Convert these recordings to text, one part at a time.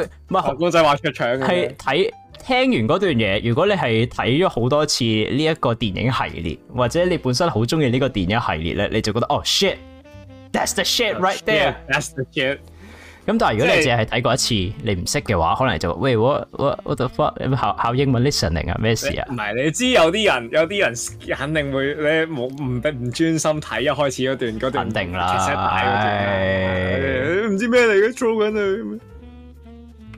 唔係何公仔話出場係睇，聽完嗰段嘢。如果你係睇咗好多次呢一個電影系列，或者你本身好中意呢個電影系列咧，你就覺得哦、oh, shit，that's the shit right there。that's the shit。」h a s 咁但係如果你淨係睇過一次，你唔識嘅話，是可能就喂我我我讀法考考英文 listening 啊咩事啊？唔係你，你知有啲人有啲人肯定會你冇唔唔專心睇一開始嗰段嗰段，那段肯定啦，唔、哎、知咩嚟嘅，做緊你。」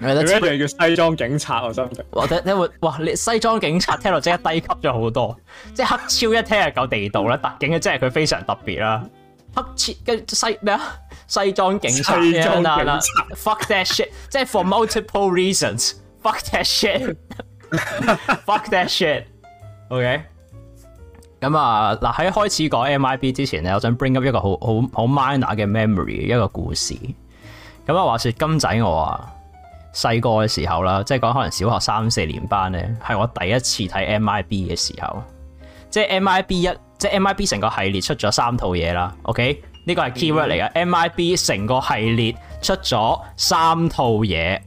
有一樣叫西裝警察，我真係或者你會哇，你西裝警察聽落即刻低級咗好多。 即係黑超一聽就夠地道啦，嗯、特警嘅即係佢非常特別啦。黑超跟西咩啊？西裝警察，fuck that shit，即係 for multiple reasons，fuck that shit，fuck that shit，ok。咁啊，嗱喺開始講 MIB 之前咧，我想 bring up 一個好好好 minor 嘅 memory，一個故事。咁啊，話說金仔我啊。細個嘅時候啦，即係講可能小學三四年班咧，係我第一次睇 MIB 嘅時候，即係 MIB 一，即係 MIB 成個系列出咗三套嘢啦。OK，呢個係 keyword 嚟嘅。MIB 成個系列出咗三套嘢，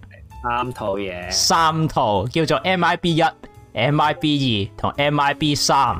三套嘢，三套叫做 MIB 一、MI MI、MIB 二同 MIB 三。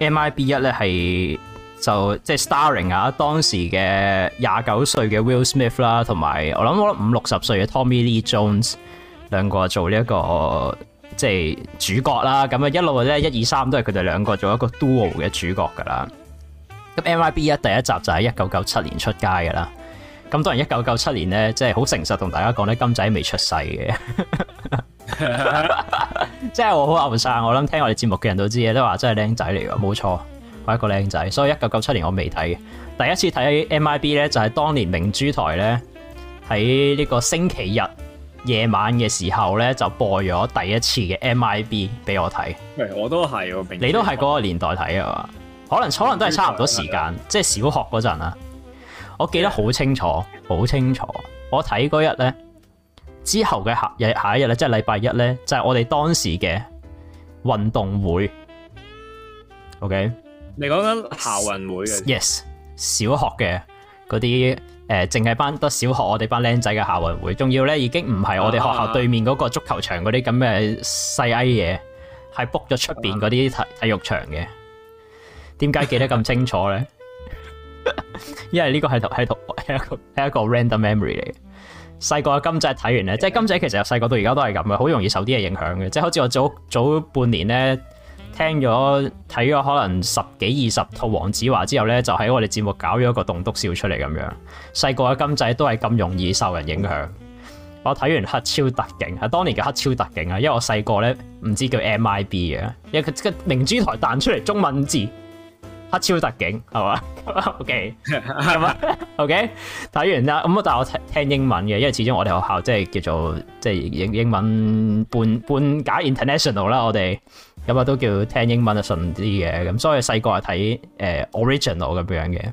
MIB 一咧係就即係 starring 啊，就是、st 當時嘅廿九歲嘅 Will Smith 啦，同埋我諗我諗五六十歲嘅 Tommy Lee Jones 兩個做呢、這、一個即係、就是、主角啦。咁啊一路咧一二三都係佢哋兩個做一個 duo 嘅主角噶啦。咁 MIB 一第一集就係一九九七年出街噶啦。咁當然一九九七年咧，即係好誠實同大家講咧，金仔未出世嘅。即係 我好後生，我諗聽我哋節目嘅人都知嘅，都話真係靚仔嚟嘅，冇錯，我係一個靚仔，所以一九九七年我未睇第一次睇 MIB 咧就係、是、當年明珠台咧喺呢在個星期日夜晚嘅時候咧就播咗第一次嘅 MIB 俾我睇，我都係，你都係嗰個年代睇啊嘛，可能可能都係差唔多時間，是即係小學嗰陣啊，我記得好清楚，好的清楚，我睇嗰日咧。之後嘅下日下一日咧，即係禮拜一咧，就係、是、我哋當時嘅運動會。O、OK? K，你講緊校運會嘅？y e s Yes，小學嘅嗰啲誒，淨係班得小學我哋班僆仔嘅校運會，仲要咧已經唔係我哋學校對面嗰個足球場嗰啲咁嘅細矮嘢，係 book 咗出邊嗰啲體體育場嘅。點解記得咁清楚咧？ 因為呢個係係一個係一,一個 random memory 嚟嘅。細個嘅金仔睇完咧，即係金仔其實由細個到而家都係咁嘅，好容易受啲嘢影響嘅。即係好似我早早半年咧聽咗睇咗可能十幾二十套黃子華之後咧，就喺我哋節目搞咗一個棟篤笑出嚟咁樣。細個嘅金仔都係咁容易受人影響。我睇完《黑超特警》係當年嘅《黑超特警》啊，因為我細個咧唔知叫 MIB 嘅，因為佢個明珠台彈出嚟中文字。黑超特警係嘛？OK 係嘛 ？OK 睇完啦。咁啊，但係我聽，聽英文嘅，因為始終我哋學校即係叫做即係、就是、英英文半半假 international 啦，我哋咁啊都叫聽英文啊順啲嘅。咁所以細個係睇 original 咁樣嘅。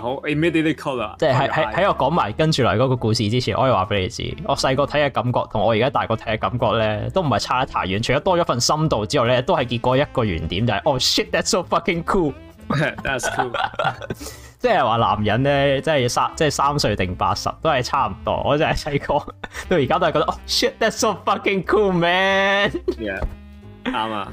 好、yeah,，immediately color 啊是！即係喺喺喺我講埋跟住嚟嗰個故事之前，我可以話俾你知，我細個睇嘅感覺同我而家大個睇嘅感覺咧，都唔係差得太遠，除咗多咗份深度之外咧，都係結果一個原點就係、是、哦、oh,，shit，that's so fucking cool，that's cool。 s cool. 即係話男人咧，即係三，即係三歲定八十，都係差唔多。我就係細個到而家都係覺得哦、oh,，shit，that's so fucking cool，man。啱啊。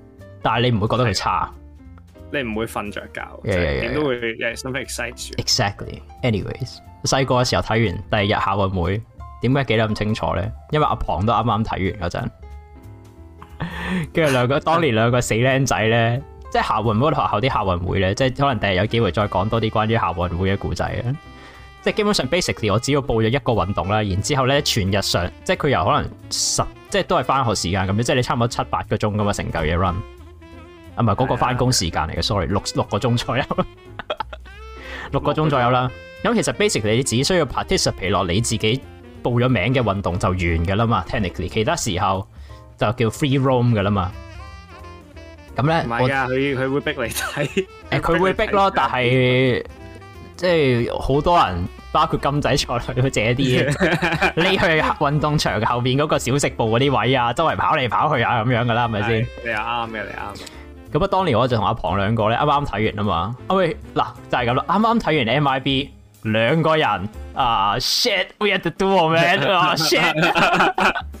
但係你唔會覺得佢差？你唔會瞓着覺，點、yeah, yeah , yeah. 都會有啲興奮住。Exactly，anyways，細個嘅時候睇完第二日校運會，點解記得咁清楚咧？因為阿龐都啱啱睇完嗰陣，跟住 兩個當年兩個死僆仔咧，即係校運會學校啲校運會咧，即係可能第日有機會再講多啲關於校運會嘅故仔啊。即係基本上 basically，我只要報咗一個運動啦，然之後咧全日上，即係佢由可能十即係都係翻學時間咁樣，即係你差唔多七八個鐘咁啊，成嚿嘢 run。不是那是啊，唔係嗰個返工時間嚟嘅，sorry，六六個鐘左右， 個左右六個鐘左右啦。咁其實 basically 只需要 participate 落你自己報咗名嘅運動就完噶啦嘛。Technically，其他時候就叫 free room 噶啦嘛。咁咧，唔係佢佢會逼你睇，佢、欸、會逼咯， 但係即係好多人，包括金仔在內，佢借啲匿 去運動場後邊嗰個小食部嗰啲位置啊，周圍跑嚟跑去啊，咁樣噶啦，係咪先？你又啱咩？你啱。咁啊！不當年我就同阿龐兩個咧，啱啱睇完啊嘛，喂嗱就係咁啦，啱啱睇完 MIB 兩個人啊、uh, shit, we had to doorman 啊 shit。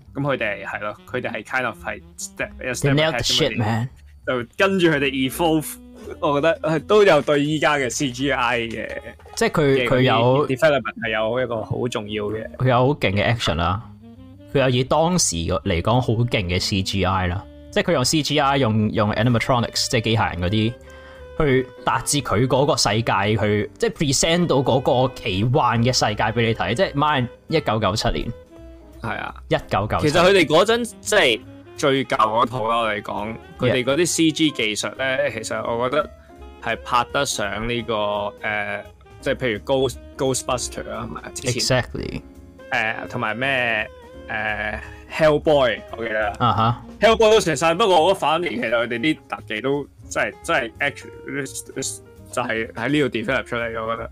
咁佢哋係咯，佢哋係 kind of 係 step by step 嘅。man. 就跟住佢哋 evolve，我覺得都有對依家嘅 CGI 嘅，即係佢佢有 development 係有一個好重要嘅。佢有好勁嘅 action 啦，佢有以當時嚟講好勁嘅 CGI 啦，ronics，即係佢用 CGI 用用 animatronics 即係機械人嗰啲去達至佢嗰個世界去，即係 present 到嗰個奇幻嘅世界俾你睇，即係買一九九七年。係啊，一九九。其實佢哋嗰陣即係最舊嗰套啦嚟講，佢哋嗰啲 C G 技術咧，其實我覺得係拍得上呢、呢個誒，即、呃、係、就係、譬如 Ghost, Ghost buster,《Ghost Exactly . Ghostbuster、呃》啊，唔係 Exactly。誒，同埋咩誒 Hellboy，我記得。啊哈、uh。Huh. Hellboy 都成曬，不過我覺得反而其實佢哋啲特技都真係真係 actually 就係喺呢度 develop 出嚟，我覺得。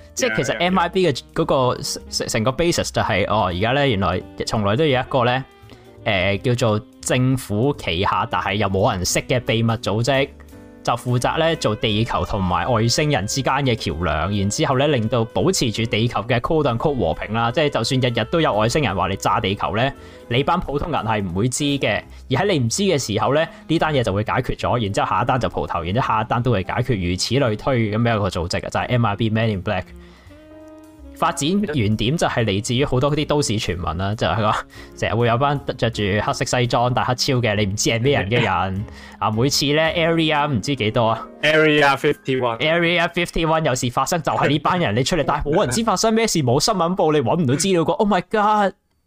即係其實 MIB 嘅嗰個成成個 basis 就係、是、哦，而家咧原來從來都有一個咧誒、呃、叫做政府旗下，但係又冇人識嘅秘密組織，就負責咧做地球同埋外星人之間嘅橋梁，然之後咧令到保持住地球嘅高 o 曲和平啦。即係就算日日都有外星人話你炸地球咧。你班普通人係唔會知嘅，而喺你唔知嘅時候咧，呢單嘢就會解決咗，然之後下一單就蒲頭，然之後下一單都會解決，如此類推，咁咩個組織就係 m i b m a n in Black）。發展原點就係嚟自於好多嗰啲都市傳聞啦，就係話成日會有班着住黑色西裝、戴黑超嘅，你唔知係咩人嘅人。啊， 每次咧 Area 唔知幾多啊？Area Fifty One，Area Fifty One 有事發生就係呢班人你出嚟， 但係冇人知發生咩事，冇新聞報，你揾唔到資料個 Oh my god！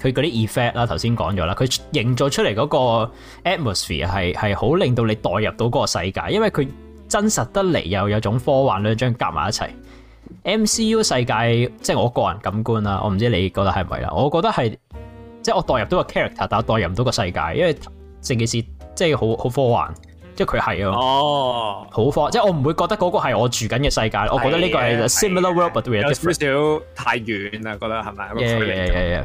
佢嗰啲 effect 啦，頭先講咗啦，佢營造出嚟嗰個 atmosphere 係係好令到你代入到嗰個世界，因為佢真實得嚟又有種科幻兩張夾埋一齊。MCU 世界即係我個人感官啦，我唔知你覺得係唔係啦。我覺得係即係我代入到個 character，但代入唔到個世界，因為成件事即係好好科幻，即係佢係啊，哦，好科幻，即係我唔會覺得嗰個係我住緊嘅世界，我覺得呢個係 similar world，但係有少少太遠啦，覺得係咪？係。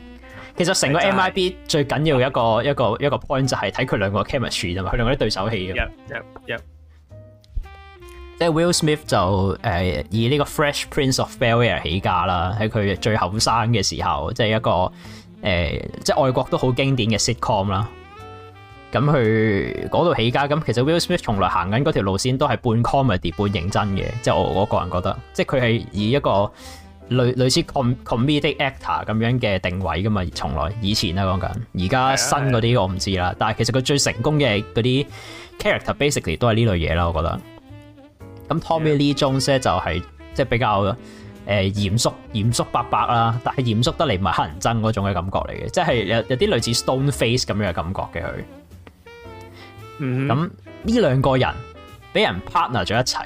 其實成個 MIB 最緊要的一個一個一個 point 就係睇佢兩個 chemistry 啫嘛，佢兩個啲對手戲嘅。Yep, yep, yep. 即係 Will Smith 就、呃、以呢個 Fresh Prince of Bel Air 起家啦，喺佢最後生嘅時候，即係一個、呃、即係外國都好經典嘅 sitcom 啦。咁佢嗰度起家，咁其實 Will Smith 從來行緊嗰條路線都係半 comedy 半認真嘅，即係我我個人覺得，即係佢係以一個。類類似 comedy actor 咁樣嘅定位噶嘛，從來以前啦講緊，而家新嗰啲我唔知啦。但係其實佢最成功嘅嗰啲 character basically 都係呢類嘢啦，我覺得。咁 Tommy Lee Jones 咧就係即係比較、呃、嚴肅嚴肅伯伯啦，但係嚴肅得嚟唔係乞人憎嗰種嘅感覺嚟嘅，即係有有啲類似 Stone Face 咁樣嘅感覺嘅佢。咁呢兩個人俾人 partner 咗一齊。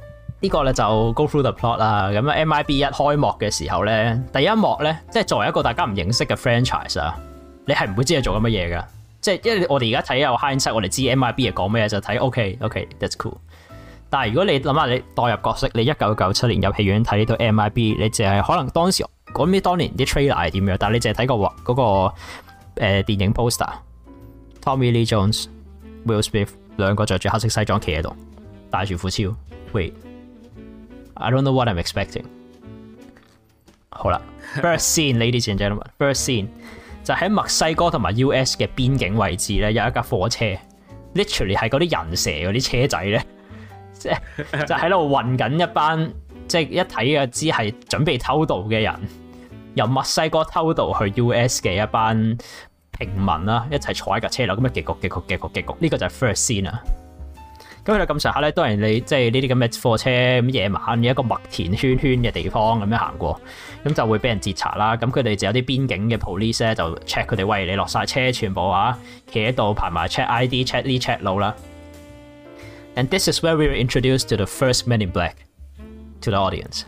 這個呢個咧就 go through the plot 啦。咁 MIB 一開幕嘅時候咧，第一幕咧，即係作為一個大家唔認識嘅 franchise 啊，你係唔會知佢做緊乜嘢噶。即係因為我哋而家睇有 hindsight 我哋知 MIB 係講咩就睇。OK OK，that's、okay, cool。但如果你諗下你代入角色，你一九九七年入戲院睇呢套 MIB，你淨係可能當時講咩？當年啲 trailer 係點樣？但你淨係睇過嗰、那個、呃、電影 poster，Tommy Lee Jones、Will Smith 兩個着住黑色西裝企喺度，戴住副超 wait。I don't know what I'm expecting。好啦，first scene，ladies and gentlemen，first scene 就喺墨西哥同埋 U.S. 嘅邊境位置咧，有一架火車，literally 係嗰啲人蛇嗰啲車仔咧，即係就喺度運緊一班即係一睇啊，知係準備偷渡嘅人，由墨西哥偷渡去 U.S. 嘅一班平民啦，一齊坐一架車樓咁啊。結局，結局，結局，結局，呢個就係 first scene 啊！咁佢哋咁上下，咧，當然你即係呢啲咁嘅貨車咁夜晚嘅一個麥田圈圈嘅地方咁樣行過，咁就會俾人截查啦。咁佢哋就有啲邊境嘅 police 咧，就 check 佢哋，喂，你落晒車，全部啊企喺度排埋 check ID、check 呢、check 路啦。And this is where we were introduced to the first man in black to the audience。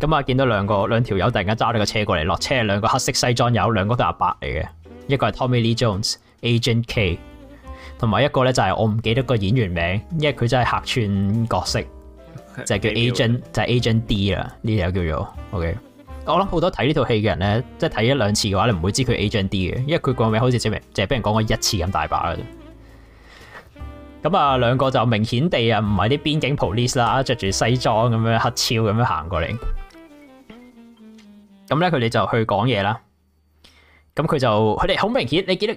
咁啊，見到兩個兩條友突然間揸咗個車過嚟落車，兩個黑色西裝友，兩個都係阿伯嚟嘅，一個係 Tommy Lee Jones，Agent K。同埋一個咧就係我唔記得個演員名，因為佢真係客串角色，就係、叫 Agent 就 Agent D 啦，呢條叫做 OK。 我諗好多睇呢套戲嘅人咧，即係睇一兩次嘅話，你唔會知佢 Agent D 嘅，因為佢個名好似即明，即係俾人講過一次咁大把嘅。咁啊，兩個就明顯地啊，唔係啲邊境 police 啦，着住西裝咁樣黑超咁樣行過嚟。咁咧佢哋就去講嘢啦。咁佢就佢哋好明顯，你記得。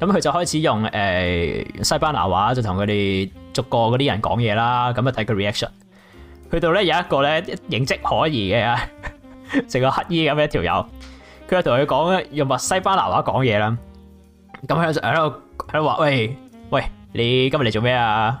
咁佢就開始用,、欸、西就就 action, 呵呵就用西班牙話就同佢哋逐個嗰啲人講嘢啦，咁啊睇佢 reaction。去到咧有一個咧形跡可疑嘅，成個乞衣咁嘅一條友，佢就同佢講用麥西班牙話講嘢啦，咁喺度喺度喺度話：喂喂，你今日嚟做咩啊？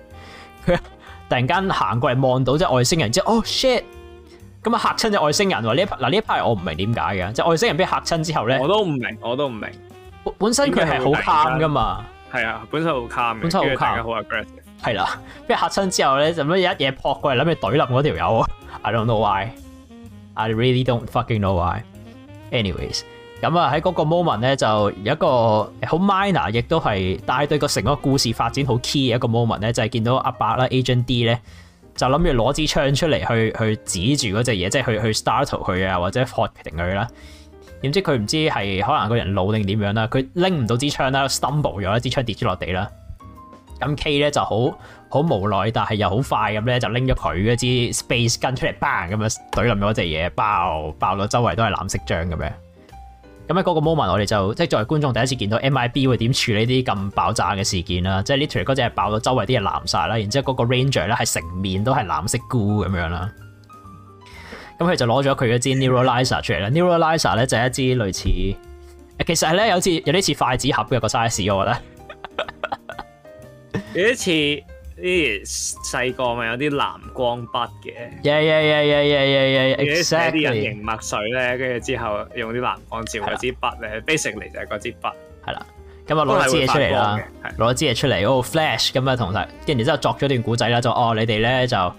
突然間行過嚟望到即外星人之後，哦、oh、shit，咁啊嚇親隻外星人喎，呢一排嗱，呢一排我唔明點解嘅，即、就、係、是、外星人俾嚇親之後咧，我都唔明，我都唔明。本身佢係好 calm 噶嘛，係啊，本身好 calm 嘅，本身好 calm，好 aggressive，係啦，俾嚇親之後咧，點解一嘢撲過嚟諗住懟冧嗰條友？I don't know why，I really don't fucking know why，anyways。咁啊，喺嗰個 moment 咧，就有一個好 minor，亦都係但係對個成個故事發展好 key 嘅一個 moment 咧，就係、是、見到阿伯啦，Agent D 咧就諗住攞支槍出嚟去去指住嗰隻嘢，即係去去 startle 佢啊，或者 hotting 佢啦。點知佢唔知係可能個人老定點樣啦，佢拎唔到支槍啦，stumble 咗支槍跌咗落地啦。咁 K 咧就好好無奈，但係又好快咁咧就拎咗佢嗰支 space gun 出嚟，bang 咁樣懟冧咗嗰隻嘢，爆爆到周圍都係藍色漿嘅咩？咁喺嗰個 moment，我哋就即係作為觀眾第一次見到 MIB 會點處理啲咁爆炸嘅事件啦、啊。即係呢條嗰隻爆到周圍啲嘢藍晒啦，然之後嗰個 Ranger 咧係成面都係藍色菇咁樣啦。咁佢就攞咗佢嗰支 Neuralizer 出嚟啦。Neuralizer 咧就係、是、一支類似，其實係咧有似有啲似筷子盒嘅個 size，我覺得有啲似。 啲細個咪有啲藍光筆嘅，呀呀呀呀呀呀呀，exactly，啲人形墨水咧，跟住之後用啲藍光照支筆咧，basically 就係嗰支筆，係啦，yeah。咁啊攞支嘢出嚟啦，攞支嘢出嚟，oh，哦 Flash 咁啊，同佢跟住之後作咗段故仔啦，就哦你哋咧就誒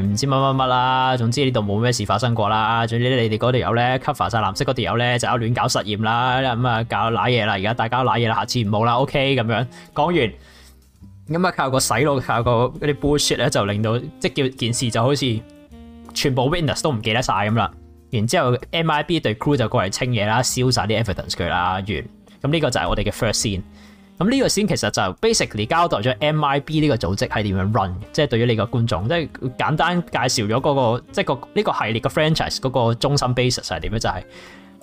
唔知乜乜乜啦，總之呢度冇咩事發生過啦。總之你哋嗰條友咧 cover 晒藍色嗰條友咧就喺亂搞實驗啦，咁啊搞瀨嘢啦，而家大家瀨嘢啦，下次唔好啦，OK 咁樣講完。咁啊，靠個洗腦，靠個嗰啲 bullshit 咧，就令到即叫件事就好似全部 witness 都唔記得晒咁啦。然之後 MIB 隊 crew 就過嚟清嘢啦，燒晒啲 evidence 佢啦，完。咁呢個就係我哋嘅 first scene。咁呢個 scene 其實就 basically 交代咗 MIB 呢個組織係點樣 run，即係對於你個觀眾，即係簡單介紹咗嗰個即係個呢個系列嘅 franchise 嗰個中心 basis 係點樣？就係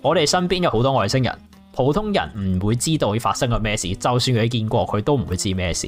我哋身邊有好多外星人，普通人唔會知道發生咗咩事，就算佢見過佢都唔會知咩事。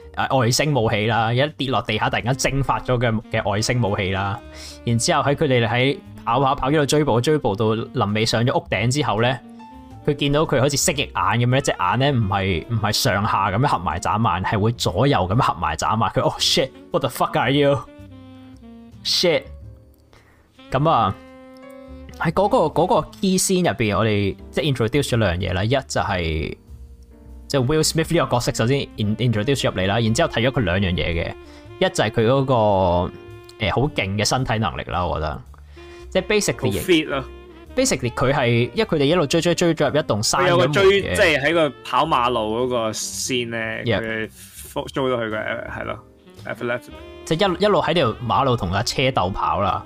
啊！外星武器啦，一跌落地下突然間蒸發咗嘅嘅外星武器啦，然之後喺佢哋喺跑跑跑一路追捕，追捕到臨尾上咗屋頂之後咧，佢見到佢好似蜥蜴眼咁樣，隻眼咧唔係唔係上下咁樣合埋眨眼，係會左右咁樣合埋眨眼。佢哦、oh、shit，what the fuck are you？shit，咁啊喺嗰、那個嗰、那個 key scene 入邊，我哋即係 introduce 咗兩樣嘢啦，一就係、是。即 Will Smith 呢個角色，首先 introduce 入嚟啦，然之後睇咗佢兩樣嘢嘅，一就係佢嗰個誒好勁嘅身體能力啦，我覺得即係 bas、啊、basically fit basically 佢係，因為佢哋一路追追追追入一棟山嘅追，即係喺個跑馬路嗰個線咧，佢复 Yeah, 租咗佢嘅係咯，athlete。即係一一路喺條馬路同架車鬥跑啦。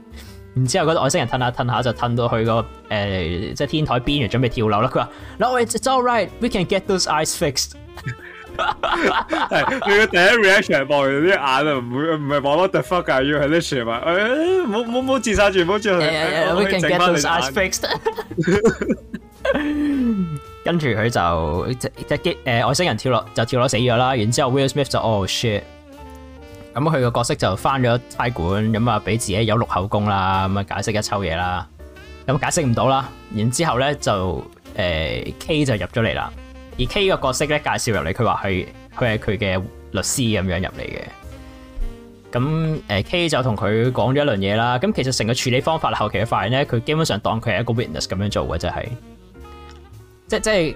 然之後嗰個外星人褪下褪下就褪到去個誒、呃、即係天台邊緣，準備跳樓啦。佢話 No，it's all right，we can get those eyes fixed。係佢嘅第一 reaction 望住啲眼就唔會，唔係望到 the fuck 啊要喺度笑嘛。誒，唔好唔好唔好自殺住，唔好去。We can get those eyes fixed。跟住佢就即即係誒外星人跳落就跳落死咗啦。然之後 Will Smith 就哦、oh, shit。咁佢個角色就返咗差館，咁啊俾自己有落口供啦，咁啊解釋一抽嘢啦，咁解釋唔到啦，然之後咧就誒、呃、K 就入咗嚟啦，而 K 個角色咧介紹入嚟，佢話係佢係佢嘅律師咁樣入嚟嘅，咁誒、呃、K 就同佢講咗一輪嘢啦，咁其實成個處理方法，後期嘅發現咧，佢基本上當佢係一個 Witness 咁樣做嘅，就係、是，即即係。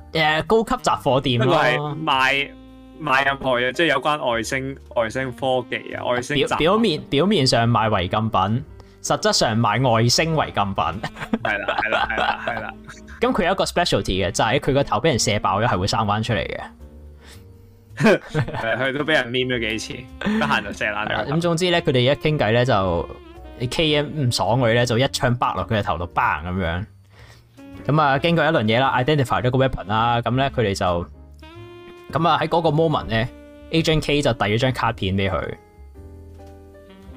誒，高級雜貨店咯，賣賣任何嘢，即係有關外星、外星科技啊，外星表，表面表面上賣違禁品，實質上賣外星違禁品，係啦係啦係啦係啦。咁佢 有一個 specialty 嘅，就係佢個頭俾人射爆咗，係會生返出嚟嘅。佢 都俾人 m 咗幾次，得閒就射爛佢。咁、 嗯、總之咧，佢哋一傾偈咧就，你 KM 唔爽佢咧，就一槍爆落佢嘅頭到 bang 咁樣。咁啊，經過一輪嘢啦，identify 咗個 weapon 啦，咁咧佢哋就，咁啊喺嗰個 moment 咧，Agent K 就遞咗張卡片俾佢，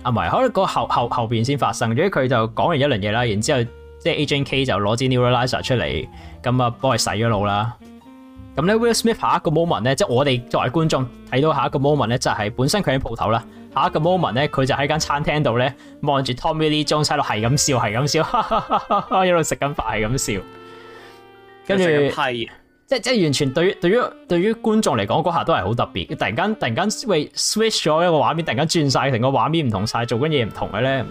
阿唔係，可能個後後後邊先發生，所以佢就講完一輪嘢啦，然之後即係 Agent K 就攞支 neuralizer 出嚟，咁啊幫佢洗咗腦啦，咁咧 Will Smith 下一個 moment 咧，即係我哋作為觀眾睇到下一個 moment 咧，就係本身佢喺鋪頭啦。下一個 moment 咧，佢就喺間餐廳度咧，望住 Tommy Lee Jones 係咁笑，係咁笑，哈哈哈哈哈，一路食緊飯，係咁笑。跟住，即係即係完全對於對於對於觀眾嚟講嗰下都係好特別。突然間突然間 switch 咗一個畫面，突然間轉晒，成個畫面唔同晒，做緊嘢唔同嘅咧。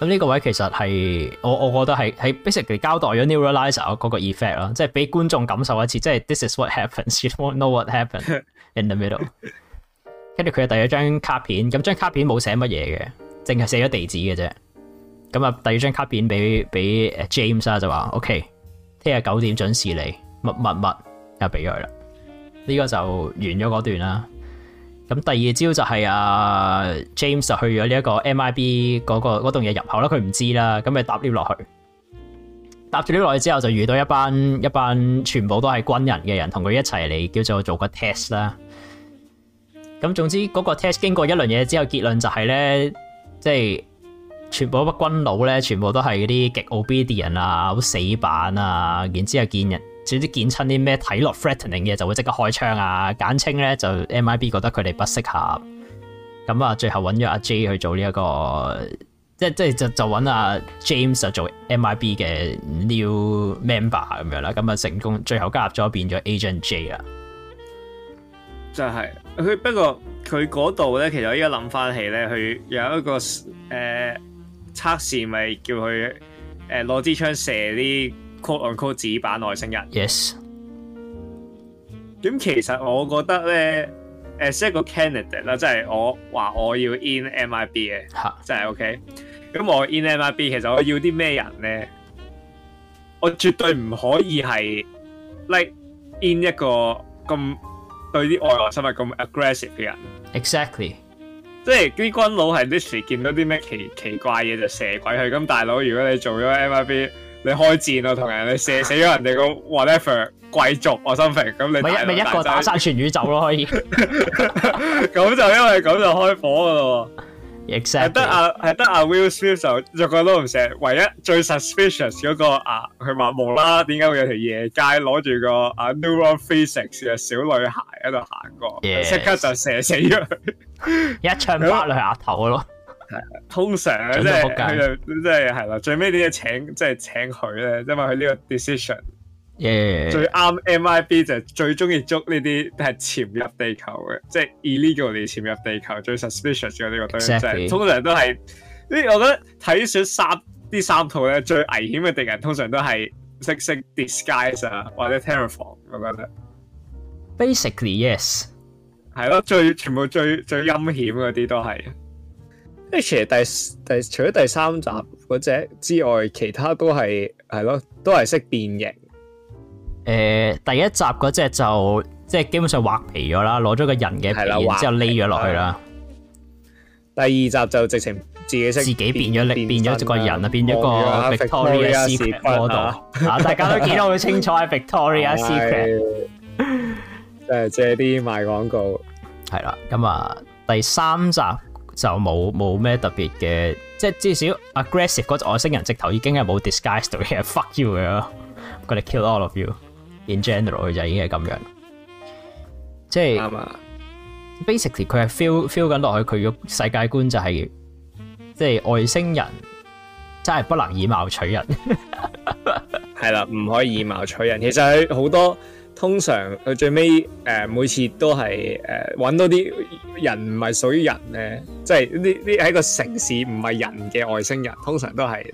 咁呢個位其實係我我覺得係喺 Basically 交代咗 Neuralizer 嗰個 effect 咯，即係俾觀眾感受一次，即係 This is what happens. You don't know what happened in the middle。 跟住佢嘅第二張卡片，咁張卡片冇寫乜嘢嘅，淨係寫咗地址嘅啫。咁啊，第二張卡片俾俾 James 啊，就話：OK，聽日九點準時嚟，密密密又俾佢啦。呢個就完咗嗰段啦。咁第二朝就係啊 James 就去咗呢一個 MIB 嗰個嗰棟嘢入口啦。佢唔知啦，咁咪搭 lift 落去，搭住 lift 落去之後就遇到一班一班全部都係軍人嘅人，同佢一齊嚟叫做做個 test 啦。咁總之嗰個 test 經過一輪嘢之後結論，結論就係咧，即係全部屈班軍佬咧，全部都係嗰啲極 obedient 啊，好死板啊，然之後見人，總之見親啲咩睇落 threatening 嘅，就會即刻開槍啊。簡稱咧就 MIB 覺得佢哋不適合，咁啊，最後揾咗阿 J 去做呢、這、一個，即係即係就就揾阿 James 做 MIB 嘅 new member 咁樣啦。咁啊成功，最後加入咗變咗 Agent J 啊，就係。佢不過佢嗰度咧，其實我依家諗翻起咧，佢有一個誒測試，咪、呃、叫佢誒攞支槍射啲 call on call」e Yes .紙板外星人。Yes、嗯。咁其實我覺得咧，set 個 candidate 啦，即係我話我要 in MIB 嘅，即係 Huh. OK。咁我 in MIB 其實我要啲咩人咧？我絕對唔可以係 like in 一個咁。對啲外來生物咁 aggressive 嘅人，exactly，即係啲軍佬係 literally 見到啲咩奇奇怪嘢就射鬼佢咁，大佬如果你做咗 MIB，你開戰啊，同人哋射死咗人哋個 whatever 貴族外星人咁，你咪不哥一個打殺全宇宙咯，可以，咁 就因為咁就開火噶咯。係得阿係得阿 Will Smith 就逐個都唔射，唯一最 suspicious 嗰個阿佢無啦啦，點解會有條夜街攞住個阿、啊、Neuron Physics 嘅小女孩喺度行過，即 Yes. 刻就射死咗，佢，一槍打落去額頭咯。通常咧、就是，即係佢就即係係咯，最尾都要請即係、就是、請佢咧，因為佢呢個 decision。Yeah, yeah, yeah. 最啱 M.I.B. 就最中意捉呢啲，都係潛入地球嘅，即、就、係、是、illegal 地潛入地球最 suspicious 嗰，呢我覺通常都係呢。我覺得睇上三呢三套咧，最危險嘅敵人通常都係識識 disguise 啊，或者 terror。我覺得 basically yes 係咯，最全部最最陰險嗰啲都係。即 s 其 e 第第除咗第三集或者之外，其他都係係咯，都係識變形。誒，第一集嗰隻就即係基本上畫皮咗啦，攞咗個人嘅皮，然之後匿咗落去啦。第二集就直情自己自己變咗，變咗個人啊，變咗個 Victoria Secret 嗰度啊，大家都見到好清楚係 Victoria Secret，即係借啲賣廣告。係啦，咁啊，第三集就冇冇咩特別嘅，即係至少 aggressive 嗰隻外星人直頭已經係冇 disguise 到嘅，fuck you 啊，我哋 kill all of you。in general 佢就已經係咁樣，即係吧 basically 佢係 fe feel feel 緊落去佢個世界觀就係、是、即係外星人真係不能以貌取人，係 啦，唔可以以貌取人。其實佢好多通常佢最尾誒、呃，每次都係誒揾到啲人唔係屬於人咧，即係呢呢喺個城市唔係人嘅外星人，通常都係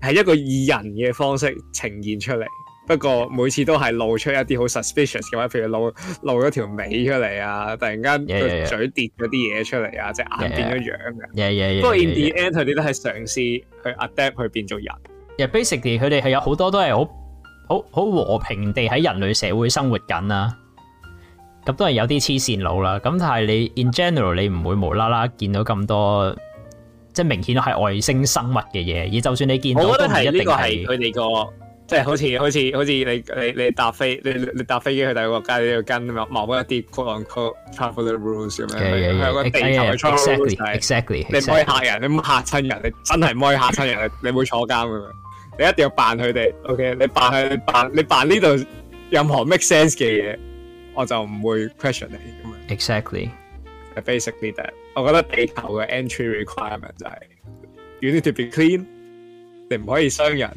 係一個以人嘅方式呈現出嚟。不過每次都係露出一啲好 suspicious 嘅話，譬如露露咗條尾出嚟啊，突然間個嘴跌咗啲嘢出嚟啊，隻眼變咗樣嘅。不過 in the end 佢哋都係嘗試去 adapt 去變做人。Basically 佢哋係有好多都係好好好和平地喺人類社會生活緊啊。咁都係有啲黐線佬啦。咁但係你 in general 你唔會無啦啦見到咁多即係明顯都係外星生物嘅嘢。而就算你見到，我覺得係呢個係佢哋個。即係好似好似好似你你你搭飛你你搭飛機去第二個國家，你要跟某某一啲 quote on quote traveller rules 咁樣，係個地球 rules 就係，你唔可以嚇人，你唔可以嚇親人，你真係唔可以嚇親人，你會坐監噶嘛？你一定要扮佢哋，OK？你扮佢扮你扮呢度任何 make sense 嘅嘢，我就唔會 question 你咁樣。Exactly，basically，我覺得地球嘅 entry requirement 就係，you need to be clean，你唔可以傷人。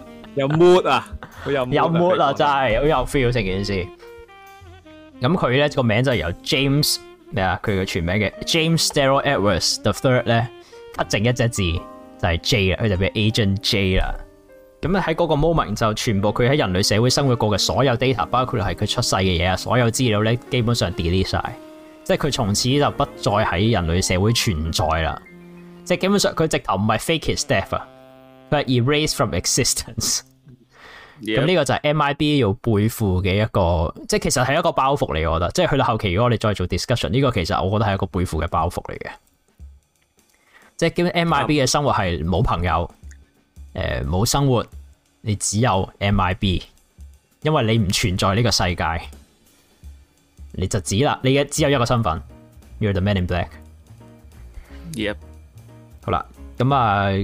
Mood 啊、有 mood 啊 是， 有 mood 啊，真係好有 feel 成件事。咁佢咧個名就由 James 咩啊，佢嘅全名嘅 James Daley Edwards the Third 咧，得剩一隻字就係、是、J 啦，佢就變 agent J 啦。咁啊喺嗰個 moment 就全部佢喺人類社會生活過嘅所有 data，包括係佢出世嘅嘢啊，所有資料咧基本上 delete 晒，即係佢從此就不再喺人類社會存在啦。即係基本上佢直頭唔係 fake staff 啊。But erase from existence，咁 呢 Yep. 個就係 MIB 要背負嘅一個，即係其實係一個包袱嚟。我覺得，即係去到後期如果我哋再做 discussion，呢個其實我覺得係一個背負嘅包袱嚟嘅。即係咁 MIB 嘅生活係冇朋友，誒、呃、冇生活，你只有 MIB，因為你唔存在呢個世界，你就只啦，你嘅只有一個身份，You're the man in black。Yep，好啦，咁啊。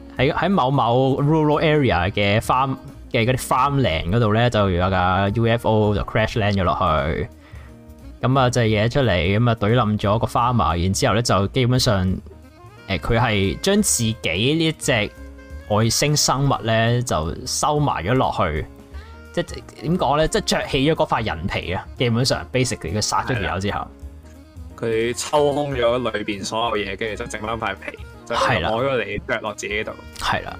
喺某某 rural area 嘅 farm 嘅嗰啲 farm land 嗰度咧，就有一架 UFO 就 crash land 咗落去，咁啊就係嘢出嚟，咁啊懟冧咗個 farmer，然之後咧就基本上，誒佢係將自己呢隻外星生物咧就收埋咗落去，即係點講咧，即係着起咗嗰塊人皮啊，基本上 basically 佢殺咗條友之後，佢抽空咗裏邊所有嘢，跟住就整翻塊皮。係啦，攞咗、啊、你着落自己度。係啦、啊，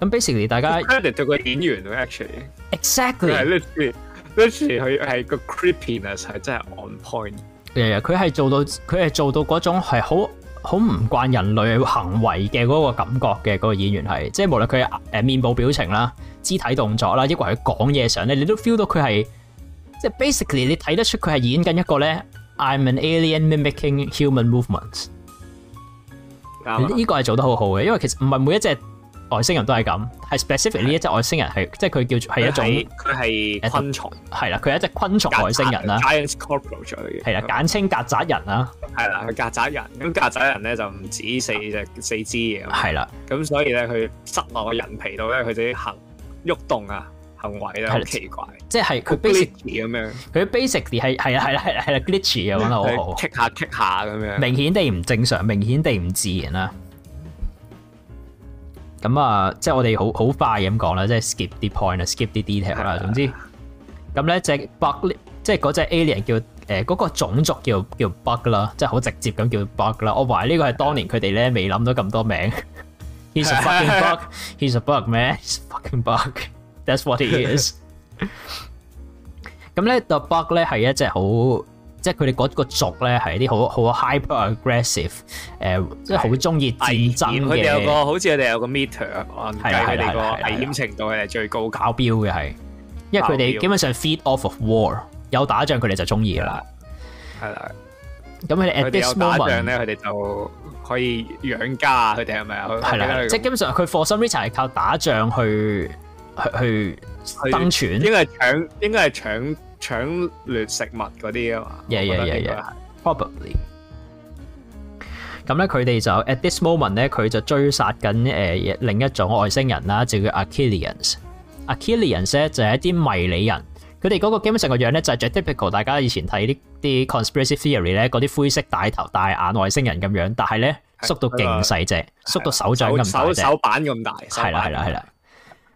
咁 basically 大家對個演員，actually，exactly，呢次呢次佢係個 creepiness 係真係 on point。佢係 Exactly. 做到佢係做到嗰種係好好唔慣人類行為嘅嗰個感覺嘅嗰、嗰個演員係，即係無論佢誒面部表情啦、肢體動作啦，抑或佢講嘢上咧，你都 feel 到佢係即係、就是、basically 你睇得出佢係演緊一個咧，I'm an alien mimicking human movements。呢個係做得好好嘅，因為其實唔係每一隻外星人都係咁，係 specific 呢一隻外星人係即係佢叫做係一種，佢係昆蟲，係啦，佢係一隻昆蟲外星人啦 Giant scorpion 係啦，簡稱曱甴人啦，係啦，佢曱甴人，咁曱甴人咧就唔止四隻四肢嘅，係啦，咁所以咧佢塞落個人皮度咧，佢自己行喐動啊。行為啦，奇怪， 即係佢 basically 咁樣，佢 basically 係係啦係啦係啦 glitchy 啊，得好好，kick 下 kick 下咁樣，明顯地唔正常，明顯地唔自然啦。咁啊，即係我哋好好快咁講啦，即係 skip 啲 point skip 啲 detail 啦，總之。咁咧隻 bug 即係嗰隻 alien 叫誒，嗰、呃那個種族叫叫 bug 啦，即係好直接咁叫 bug 啦。我懷疑呢個係當年佢哋咧未諗到咁多名。He's a fucking bug. He's a bug 咩？He's fucking bug. That's what it is。咁咧，The Bug 咧係一隻好，即係佢哋嗰個族咧係一啲好好 hyper aggressive，誒，即係好中意戰爭嘅。危險佢哋有個，好似佢哋有個 meter 按計，你個危險程度係最高，搞標嘅係。因為佢哋基本上 feed off of war，有打仗佢哋就中意啦。係啦。咁佢哋 at this moment 咧，有打仗咧，佢哋就可以養家。佢哋係咪啊？係啦，即係基本上佢 forensic 係靠打仗去。去去生存，應該係搶，應該係搶搶掠食物嗰啲啊嘛。Yeah, yeah yeah yeah yeah，probably。咁咧，佢哋就 at this moment 咧，佢就追殺緊誒另一種外星人啦，就叫 Arquillians。Arquillians 咧就係一啲迷你人，佢哋嗰個基本上個樣咧就係最 typical，大家以前睇呢啲 conspiracy theory 咧嗰啲灰色大頭大眼外星人咁樣，但係咧縮到勁細隻，縮的到手掌咁大手，手，手，手板咁大，係啦係啦係啦。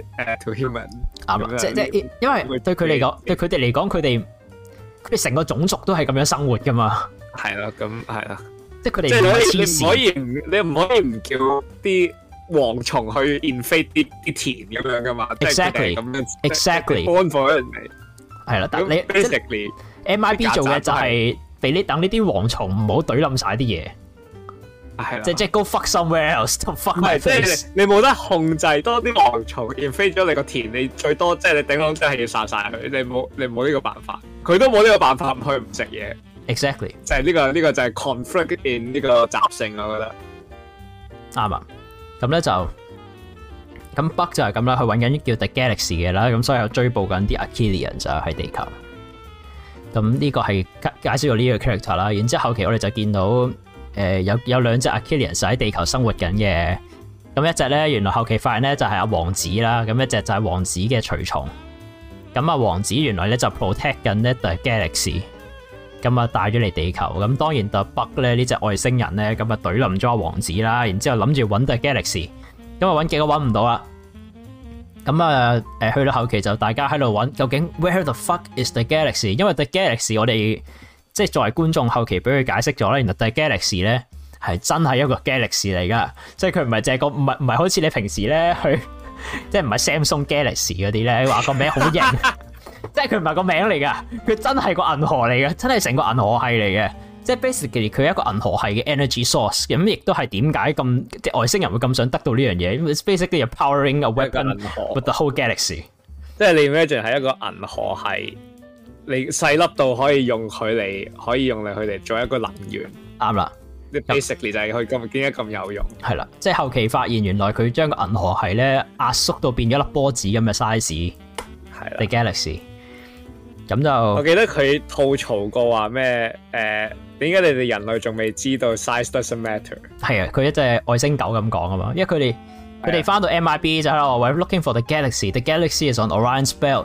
誒 to human，啱，即即因為對佢嚟講，對佢哋嚟講，佢哋佢哋成個種族都係咁樣生活噶嘛，係啦，咁係啦，即係佢哋即係你唔可以你唔可以唔叫啲蝗蟲去 invade 啲啲田咁樣噶嘛，exactly 咁 exactly 係啦，但你 MIB 做嘅就係俾你等呢啲蝗蟲唔好懟冧晒啲嘢。即即 go fuck somewhere else fuck 你冇得控制多啲蝗蟲，而飛咗你個田，就是你殺殺，你最多即係你頂多係要殺晒佢，你冇你冇呢個辦法，佢都冇呢個辦法去唔食嘢。Exactly，即係呢個呢、呢個就係 conflict in 呢個習性，我覺得啱啊。咁咧、嗯嗯、就咁北就係咁啦，佢搵緊啲叫 The Galaxy 嘅啦，咁所以有追捕緊啲 Arquillian 就喺地球。咁呢個係介紹咗呢個 character 啦，然後之後後期我哋就見到。誒、呃，有有兩隻 Arquillians 喺地球生活緊嘅，咁一隻咧，原來後期發現咧就係、是、阿王子啦，咁一隻就係王子嘅隨從。咁啊，王子原來咧就 protect 緊咧 the Galaxy，咁啊帶咗嚟地球。咁當然 the Bug 咧呢這隻外星人咧，咁啊懟冧咗王子啦，然之後諗住搵 the Galaxy，咁啊搵幾個搵唔到啦。咁啊，誒去到後期就大家喺度搵究竟 Where the fuck is the Galaxy？因為 the Galaxy 我哋。即係作為觀眾，後期俾佢解釋咗咧，原來第個 Galaxy 咧係真係一個 Galaxy 嚟噶，即係佢唔係淨係個，唔係唔係好似你平時咧去，即係唔係 Samsung Galaxy 嗰啲咧，你話個名好型， 即係佢唔係個名嚟噶，佢真係個銀河嚟噶，真係成個銀河系嚟嘅，即係 basically 佢係一個銀河系嘅 energy source，咁亦都係點解咁即係外星人會咁想得到呢樣嘢？basically 係 powering a weapon with the whole galaxy，即係你 leverage 係一個銀河系。你細粒到可以用佢嚟，可以用嚟佢嚟做一個能源，啱啦。Basically 就係佢咁點解咁有用？係啦，即係後期發現原來佢將個銀河系咧壓縮到變咗粒波子咁嘅 size，係啦的，the galaxy。咁的就我記得佢吐槽過話咩？誒點解你哋人類仲未知道 size doesn't matter？係啊，佢一隻外星狗咁講啊嘛，因為佢哋佢哋翻到 MIB 之後，話 looking for the galaxy，the galaxy is on Orion's belt。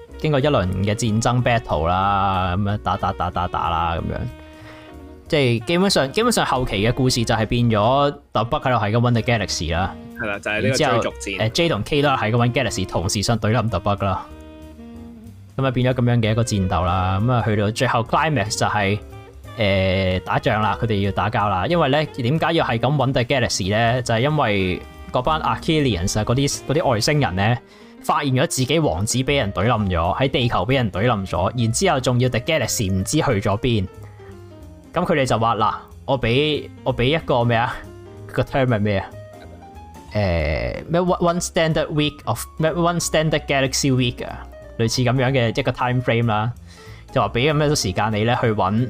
經過一輪嘅戰爭 battle 啦，咁樣打打打打打啦，咁樣，即係基本上基本上後期嘅故事就係變咗 the Bug 喺度，係個 Wonder Galaxy 啦，係啦，就係、是、呢個追逐戰誒，J 同 K 都係個 Wonder Galaxy 同時想懟冧 the Bug 啦，咁啊變咗咁樣嘅一個戰鬥啦，咁啊去到最後 climax 就係、是、誒、呃、打仗啦，佢哋要打交啦，因為咧點解要係咁揾到 Galaxy 咧？就係、是、因為嗰班 Aquarians 啊，嗰啲嗰啲外星人咧。發現咗自己王子俾人懟冧咗，喺地球俾人懟冧咗，然之後仲要 the galaxy 唔知去咗邊，咁佢哋就話嗱，我俾我俾一個咩啊，個 term 係咩啊？誒、呃，咩 one standard week of one standard galaxy week 啊，類似咁樣嘅一個 time frame 啦，就話俾咁多時間你咧去揾。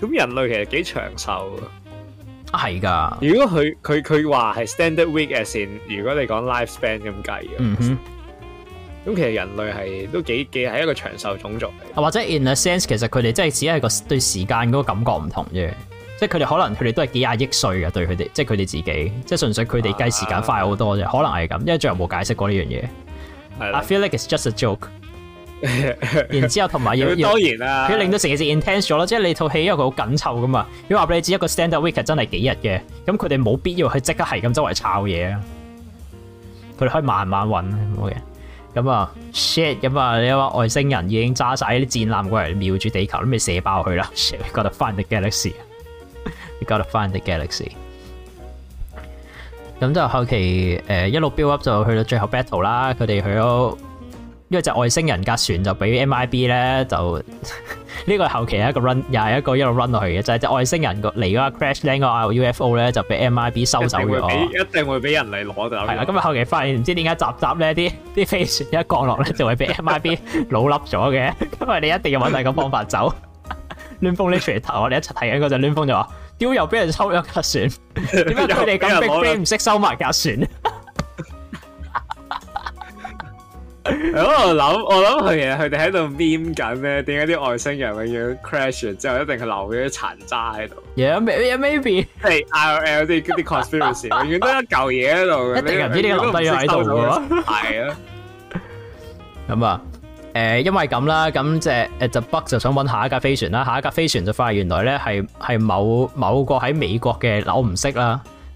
咁人類其實幾長壽的啊，係噶。如果佢佢佢話係 standard week as in 如果你講 life span 咁計嘅，嗯哼。咁其實人類係都幾幾係一個長壽種族嘅。或者 in a sense 其實佢哋真係只係個對時間嗰個感覺唔同啫。即係佢哋可能佢哋都係幾廿億歲啊，對佢哋即係佢哋自己，即係純粹佢哋計時間快好多啫。啊、可能係咁，因為最後冇解釋過呢樣嘢。的 I feel like it's just a joke. 然之後同埋要，佢 當然啦、啊，佢令到成件事 intense 咗咯，即係你套戲，因為佢好緊湊噶嘛。如果話俾你知一個 standard week 真係幾日嘅，咁佢哋冇必要去即刻係咁周圍炒嘢啊，佢哋可以慢慢搵，好嘅。咁啊，shit，咁啊，你話、啊、外星人已經揸晒啲戰艦過嚟，瞄住地球，咁咪射爆佢啦。你 gotta find the galaxy，你 gotta find the galaxy。 咁 find 就後期誒、呃、一路 build up 就去到最後 battle 啦，佢哋去咗。因為隻外星人架船就俾 MIB 咧就呢個後期一個 run 又係一個一路 run 落去嘅就係隻外星人個嚟咗 crash 咧個 UFO 咧就俾 MIB 收走嘅哦。一定會俾一定會俾人嚟攞嘅。係啦，咁啊後期發現唔知點解雜雜咧啲啲飛船一降落咧就會俾 MIB 老笠咗嘅，因為你一定要揾第二個方法走。暖風拎出嚟頭，我哋一齊睇緊嗰陣，暖風就話：，屌又俾人收咗架船，點解佢哋咁並非唔識收埋架船？我諗我諗佢嘢，佢哋喺度 beam 緊咩，點解啲外星人永遠 crash 之後一定係留咗啲殘渣喺度？嘢咩嘢？maybe 係誒誒啲啲 conspiracy，永遠都一嚿嘢喺度，一定唔知點解唔知喺度嘅。係啊，咁啊，誒，因為咁啦，咁即係誒，就北就想揾下一架飛船啦，下一架飛船就發現原來咧係係某某個喺美國嘅佬唔識啦。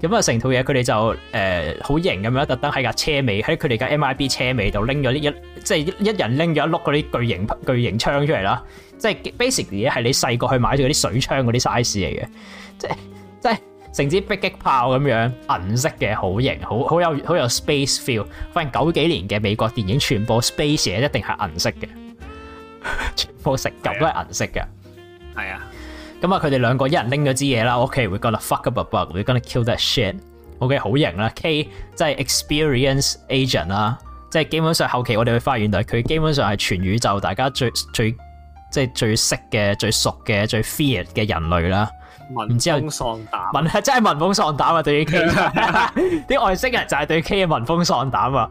咁啊，成套嘢佢哋就誒好、呃、型咁樣，特登喺架車尾，喺佢哋架 MIB 車尾度拎咗啲，一，即係一人拎咗一碌嗰啲巨型巨型槍出嚟啦。即係 basically 係你細個去買咗啲水槍嗰啲 size 嚟嘅，即係即係成支迫擊炮咁樣銀色嘅，好型，好好有好有 space feel。發現九幾年嘅美國電影全部 space 嘢一定係銀色嘅，全部成個都係銀色嘅，係啊。的咁啊，佢哋兩個一人拎咗支嘢啦。O.K.，我覺得 fuck up a bug，我哋 gonna kill that shit okay。O.K. 好型啦，K 即係 experience agent 啦，即係基本上後期我哋會發現到，佢基本上係全宇宙大家最最即係最識嘅、最熟嘅、最 fear 嘅人類啦。聞風喪膽，聞即係聞風喪膽啊！對 K，啲 外星人就係對 K 嘅聞風喪膽啊！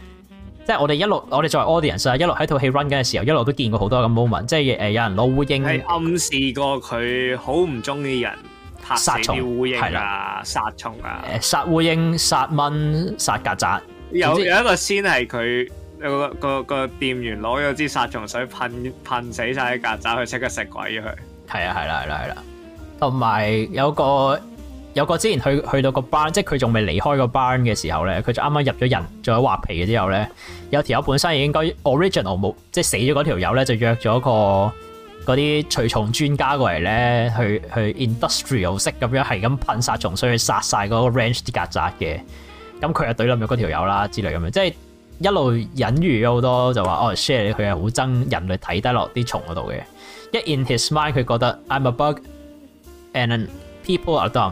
即係我哋一路，我哋作為 audience 啊，一路喺套戲 run 緊嘅時候，一路都見過好多咁 moment。即係誒，有人攞烏蠅，係暗示過佢好唔中意人拍死啲烏蠅啊，殺蟲啊，係啦，殺烏蠅、啊、殺蚊、殺曱甴。有有一個先係佢個個個店員攞咗支殺蟲水噴噴死晒啲曱甴，去即刻食鬼咗佢。係啊，係啦係啦係啦，同埋有個。有個之前去去到個 barn，即係佢仲未離開個 barn 嘅時候咧，佢就啱啱入咗人，仲喺畫皮嘅之後咧，有條友本身應該 original 冇，即係死咗嗰條友咧，就約咗個嗰啲除蟲專家過嚟咧，去去 industrial 式咁樣係咁噴殺蟲，所以殺晒嗰個 ranch 啲曱甴嘅。咁佢又懟冧咗嗰條友啦，之類咁樣，即係一路隱喻咗好多就話，哦 shit 佢係好憎人類睇低落啲蟲嗰度嘅。一 in his mind，佢覺得 I'm a bug and people are dumb。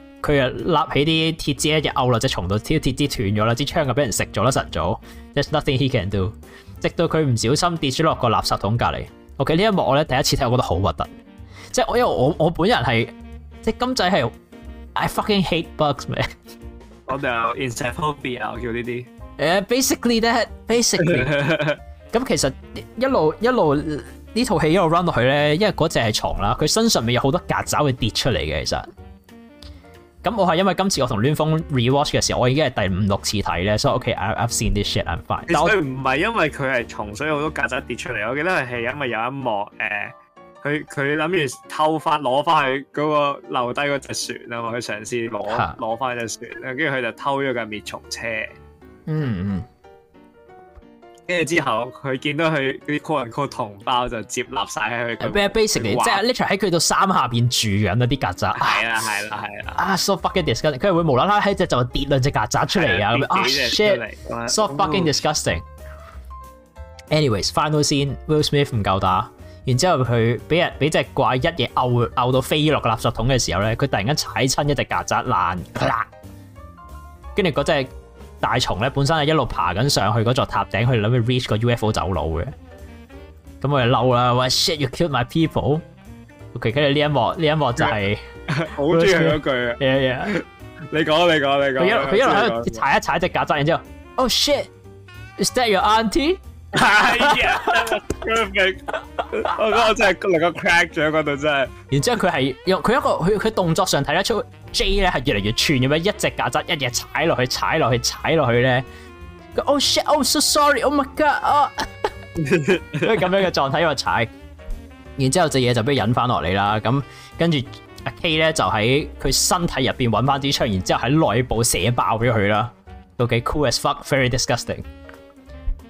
佢又立起啲鐵枝，一隻咬落隻蟲度，之後鐵枝斷咗啦，支槍就俾人食咗啦，實咗。There's nothing he can do。直到佢唔小心跌咗落個垃圾桶隔離。OK，呢一幕我咧第一次睇，我覺得好核突。即係我因為我我本人係即係金仔係 I fucking hate bugs 咩？我哋有 insectophobia 叫呢啲。basically 咧，basically。咁其實一路一路呢套戲一路 run 落去咧，因為嗰隻係蟲啦，佢身上面有好多曱甴會跌出嚟嘅，其實。咁我係因為今次我同亂風 rewatch 嘅時候，我已經係第五六次睇咧，so, okay，所以 OK，I I've seen this shit I'm fine。佢唔係因為佢係蟲，所以好多曱甴跌出嚟。我記得係因為有一幕，誒、呃，佢佢諗住偷翻攞翻去嗰個留低嗰隻船啊嘛，佢嘗試攞攞翻隻船，跟住佢就偷咗架滅蟲車。嗯嗯。嗯跟住之後，佢見到佢啲科人科同胞就接納晒喺佢。咩 basically 嚟？即係 literally 喺佢度山下邊住緊嗰啲曱甴。係啦，係啦，係啦。啊，so fucking disgusting！佢係會無啦啦喺只就跌兩隻曱甴出嚟啊！啊 shit！so fucking disgusting。Anyways，翻到先，Will Smith 唔夠打，然之後佢俾人俾隻怪一嘢嘔到飛落個垃圾桶嘅時候咧，佢突然間踩親一隻曱甴爛跟住嗰隻。大蟲咧本身係一路爬緊上去嗰座塔頂，佢哋諗住 reach 個 UFO 走佬嘅，咁我哋嬲啦！喂 shit you killed my people?OK，跟住呢一幕呢一幕就係好中意嗰句，yeah yeah，你講你講你講，佢一路喺度踩一踩隻曱甴，然之後，Oh shit，is that your auntie？係啊， 我真係令個 crack 住嗰度，真係。然之後佢係用佢一個佢佢動作上睇得出 J 咧係越嚟越串咁樣，一隻曱甴，一嘢踩落去，踩落去，踩落去咧。佢 oh shit，oh so sorry，oh my god，咁樣嘅狀態喺度踩。然之後隻嘢就俾引翻落嚟啦，咁跟住阿 K 咧就喺佢身體入邊揾翻支槍，然之後喺內部射爆咗佢啦，都幾 cool as fuck，very disgusting。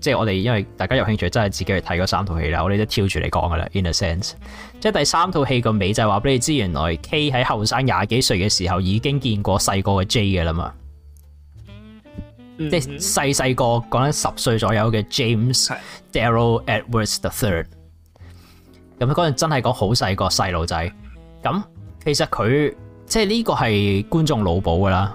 即係我哋因為大家有興趣，真係自己去睇嗰三套戲啦。我哋都跳住嚟講噶啦，in a sense。即係第三套戲個尾就係話俾你知，原來 K 喺後生廿幾歲嘅時候已經見過細個嘅 J 嘅啦嘛。Mm hmm. 即係細細個講緊十歲左右嘅 James Darryl Edwards the Third。咁嗰陣真係講好細個細路仔。咁其實佢即係呢個係觀眾腦補噶啦。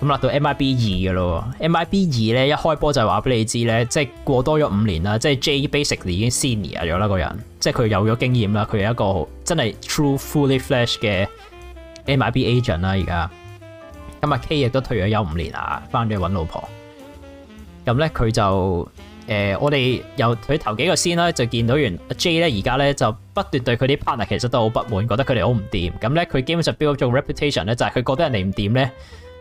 咁啦，到 MIB 二嘅咯。MIB 二咧，一開波就話俾你知咧，即係過多咗五年啦，即係 J basically 已經 senior 咗啦，個人即係佢有咗經驗啦，佢係一個真係 true fully flash 嘅 MIB agent 啦。而家咁啊 K 亦都退咗休五年啦，翻咗去搵老婆。咁咧佢就誒、呃，我哋由佢頭幾個先啦，就見到完 J 咧，而家咧就不斷對佢啲 partner 其實都好不滿，覺得佢哋好唔掂。咁咧佢基本上 build 咗 reputation 咧，就係佢覺得人哋唔掂咧。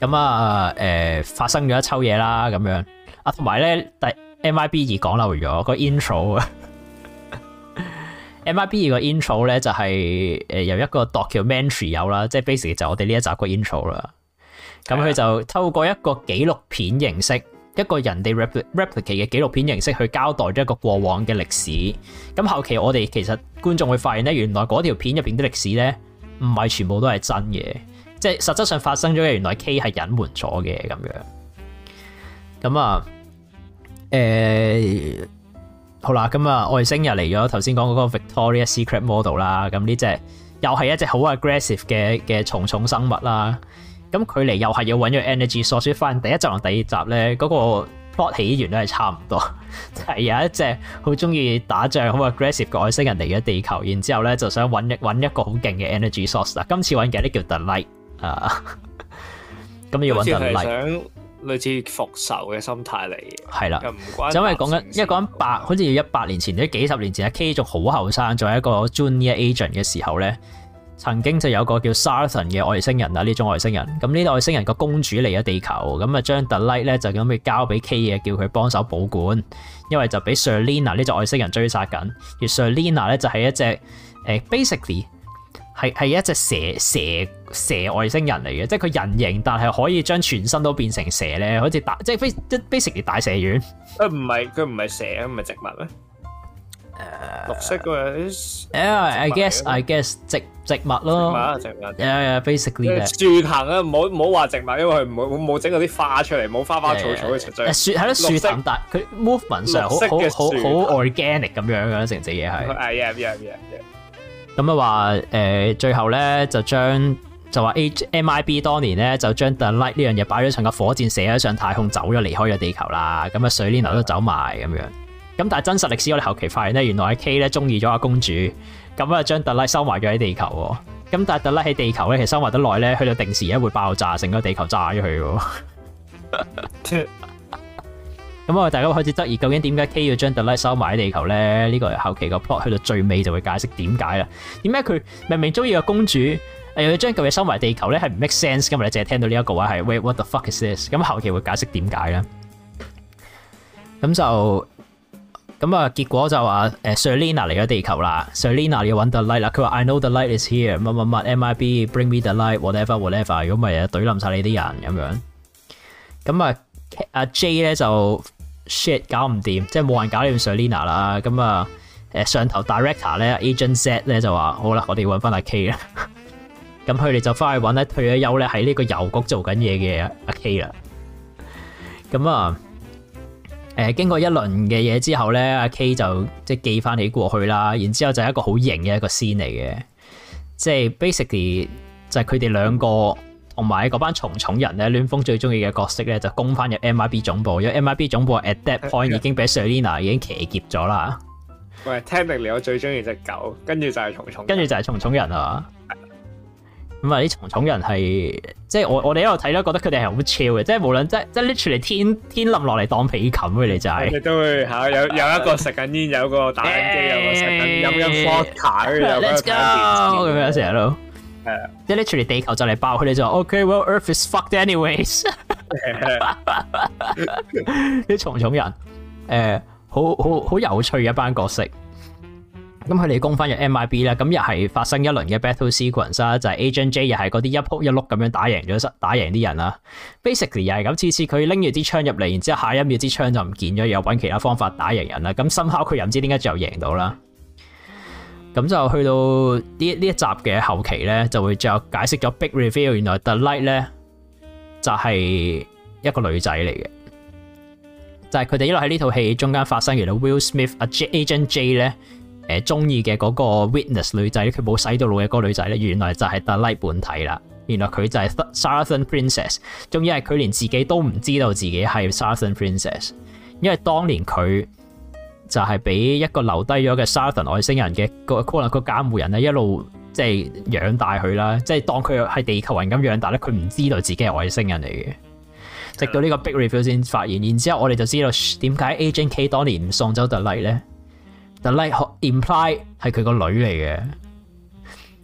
咁啊，誒、呃、發生咗一抽嘢啦，咁樣啊，同埋咧第 MIB 二講漏咗個 intro 啊 ，MIB 二個 intro 咧就係、誒、由一個 documentary 有啦，即係 basically 就我哋呢一集個 intro 啦。咁佢 Yeah. 就透過一個紀錄片形式，一個人哋 replicate 嘅紀錄片形式去交代咗一個過往嘅歷史。咁後期我哋其實觀眾會發現咧，原來嗰條片入面啲歷史咧，唔係全部都係真嘅。即係實質上發生咗嘅，原來 K 係隱瞞咗嘅咁樣。咁啊，誒好啦，咁啊外星人嚟咗，頭先講嗰個 Victoria Secret model 啦，咁呢隻又係一隻好 aggressive 嘅嘅蟲蟲生物啦。咁佢嚟又係要揾咗 energy source 翻。第一集同第二集咧，嗰個 plot 起源都係差唔多，但係有一隻好中意打仗、好 aggressive 嘅外星人嚟咗地球，然之後咧就想揾一揾一個好勁嘅 energy source 啦。今次揾嘅咧叫 The Light。啊，咁你、uh, 要揾個想，類似復仇嘅心態嚟。係啦了，就因為講緊一講人百，好似要一百年前，或者幾十年前，K 仲好後生，作為一個 junior agent 嘅時候咧，曾經就有個叫 Zarthan 嘅外星人啊，呢種外星人。咁呢個外星人個公主嚟咗地球，咁啊將 The Light 咧就咁要交俾 K 嘅，叫佢幫手保管，因為就俾 Serleena 呢隻外星人追殺緊。而 Serleena 咧就係一隻誒、呃、basically。係係一隻蛇蛇蛇外星人嚟嘅，即係佢人形，但係可以將全身都變成蛇咧，好似大，即係 basically 大蛇丸。啊，唔係佢唔係蛇啊，唔係植物咩？Uh, 綠色嘅，誒、uh,，I guess I guess 植植物咯。植物，植物。basically 樹藤啊，唔好唔好話植物，因為冇冇冇整嗰啲花出嚟，冇花花草草出出。樹係咯，綠色。但佢色 movement 上好好好好 organic 咁樣嘅，成隻嘢係。Uh, yeah, yeah, yeah, yeah, yeah. 咁啊話誒，最後咧就將就話 MIB 當年咧就將德拉呢樣嘢擺咗上架火箭，射咗上太空，走咗離開咗地球啦。咁啊，水呢頭都走埋咁樣。咁但係真實歷史我哋後期發現咧，原來阿 K 咧中意咗阿公主，咁啊將德拉收埋咗喺地球，喔。咁但係德拉喺地球咧，其實收埋得耐咧，去到定時咧會爆炸，成個地球炸咗佢，喔。 咁啊，大家開始質疑究竟點解 K 要將 the light 收埋喺地球咧？呢個後期個 plot 去到最尾就會解釋點解啦。點解佢明明中意個公主，又要將佢收埋地球咧？係唔 make sense？今日你淨係聽到呢一個話係 Wait what the fuck is this？咁後期會解釋點解啦。咁就咁啊，結果就話誒，Selena 嚟咗地球啦，Selena 要搵 the light 啦。佢話 I know the light is here，乜乜乜，MIB bring me the light，whatever whatever，如果唔係，懟冧晒你啲人咁樣。咁啊，阿 J 咧就。shit 搞唔掂，即係冇人搞掂 Serleena 啦。咁啊，誒上頭 director 咧，agent Z 咧就話：好啦，我哋要搵翻阿 K 啦。咁佢哋就翻去搵咧，退咗休咧，喺呢個郵局做緊嘢嘅阿 K 啦。咁啊，誒、呃、經過一輪嘅嘢之後咧，阿 K 就即係記翻起過去啦。然之後就係一個好型嘅一個 scene 嚟嘅，即係 basically 就係佢哋兩個。同埋嗰班蟲蟲人咧，暖風最中意嘅角色咧就攻翻入 MIB 總部，因為 MIB 總部 at that point 已經俾 Serleena 已經騎劫咗啦。喂 technically，我最中意隻狗，跟住就係蟲蟲，跟住就係蟲蟲人啊！咁啊，啲蟲蟲人係即係我我哋一路睇都覺得佢哋係好 chill 嘅，即係 literally 天天冧落嚟當被冚嘅，你就係你都會嚇有有一個食緊煙，有個打緊機，有個食飲伏有個咁樣成咯。即係 literally 地球就嚟爆，佢哋就話 OK，Well、okay, Earth is fucked anyways。啲蟲蟲人，誒、呃，好好好有趣一班角色。咁佢哋攻翻入 MIB 啦，咁又係發生一輪嘅 battle sequence 啦，就係 Agent J 又係嗰啲一扑一碌咁樣打贏咗打贏啲人啦。Basically 又係咁，次次佢拎住支槍入嚟，然之後下一秒支槍就唔見咗，又揾其他方法打贏人啦。咁 somehow，佢又唔知點解就贏到啦。咁就去到呢呢一集嘅後期咧，就會就解釋咗 Big Reveal，原來 The Light 咧就係、是、一個女仔嚟嘅，就係佢哋一路喺呢套戲中間發生，原來 Will Smith Agent J 咧誒中意嘅嗰個 Witness 女仔，佢冇洗到腦嘅嗰個女仔咧，原來就係 The Light 本體啦。原來佢就係 Zarthan Princess，仲要係佢連自己都唔知道自己係 Zarthan Princess，因為當年佢，就係俾一個留低咗嘅沙頓外星人嘅個可能個監護人咧，一路即係養大佢啦，即係當佢係地球人咁養大咧，佢唔知道自己係外星人嚟嘅。直到呢個 big reveal 先發現，然之後我哋就知道點解 agent K 當年唔送走 the light 咧，the light imply 係佢個女嚟嘅。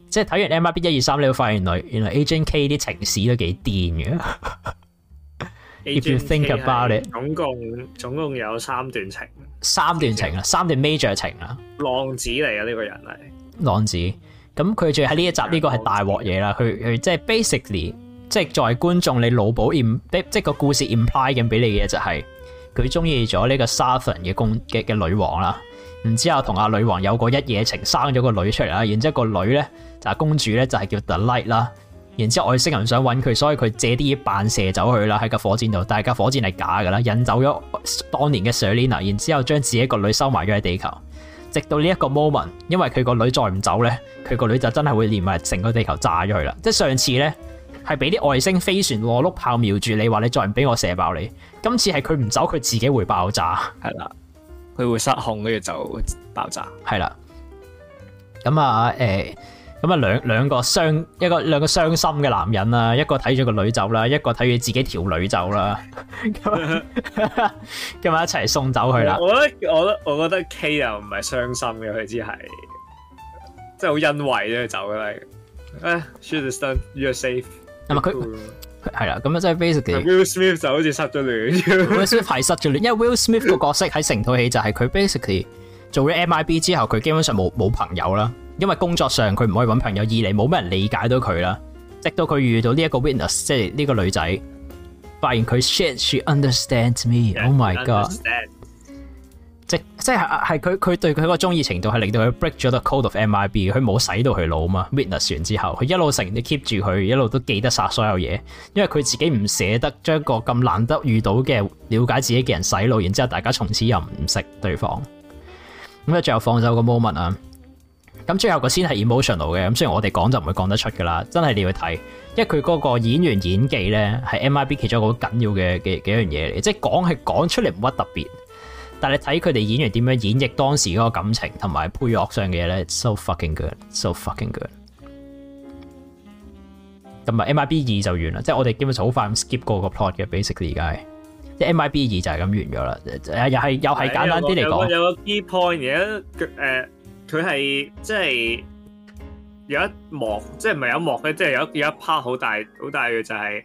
即係睇完 M I B 一二三，你會發現女，原來 agent K 啲情史都幾癲嘅。 If you think about it，總共總共有三段情，三段情啊，三段 major 情啊。浪子嚟啊，呢、這個人係浪子。咁佢最喺呢一集呢個係大鑊嘢啦。佢佢即係 basically，即係作為觀眾你腦補即係個故事 imply 緊俾你嘅嘢就係佢中意咗呢個 Southern 嘅公嘅嘅女王啦。然之後同阿女王有個一夜情，生咗個女出嚟啦。然之後個女咧就係公主咧，就係、是、叫 Delight 啦。然之後外星人想揾佢，所以佢借啲嘢，扮射走佢啦，喺架火箭度。但係架火箭係假噶啦，引走咗當年嘅 Serleena。然之後將自己個女收埋咗喺地球，直到呢一個 moment，因為佢個女再唔走呢，佢個女就真係會連埋成個地球炸咗佢啦。即係上次呢，係俾啲外星飛船和碌炮瞄住你，話你再唔俾我射爆你，今次係佢唔走，佢自己會爆炸，係啦，佢會失控，跟住就爆炸，係啦。咁啊，誒、呃。咁啊，兩兩個傷一個兩個傷心嘅男人啦，一個睇住個女走啦，一個睇住自己條女走啦，咁啊 一齊送走佢啦。我覺得我，我覺得 K 又唔係傷心嘅，佢只係即係好欣慰啫，走咁樣。啊，should stand you are safe？係咪佢係啦，咁啊， 即係 basically。Will Smith 就好似失咗戀。 Will Smith 係失咗戀，因為 Will Smith 個角色喺成套戲就係佢 basically 做咗 MIB 之後，佢基本上冇冇朋友啦。因為工作上佢唔可以搵朋友，二嚟冇咩人理解到佢啦。直到佢遇到呢一個 Witness，即係呢個女仔，發現佢 She understands me。Oh my god！即即係佢佢對佢個中意程度係令到佢 break 咗個 code of MIB。佢冇洗到佢腦嘛？Witness 完之後，佢一路成日都 keep 住佢，一路都記得晒所有嘢，因為佢自己唔捨得將個咁難得遇到嘅了解自己嘅人洗腦，然之後大家從此又唔識對方。咁、嗯、咧，最後放手一個 moment 啊！咁最後個先係 emotional 嘅，咁雖然我哋講就唔會講得出噶啦，真係你要睇，因為佢嗰個演員演技咧，係 MIB 其中一個好緊要嘅嘅幾樣嘢嚟，即係講係講出嚟唔乜特別，但係睇佢哋演員點樣演繹當時嗰個感情同埋配樂上嘅嘢咧，so fucking good，so fucking good。咁啊，MIB 二就完啦，即係我哋基本上好快咁 skip 過嗰個 plot 嘅，basically 而家，即係 MIB 二就係咁完咗啦，又係又係簡單啲嚟講。有個 point 嘅，誒。有佢係即係有一幕，即係唔係有一幕咧，即係有有一 part 好大好大嘅就係誒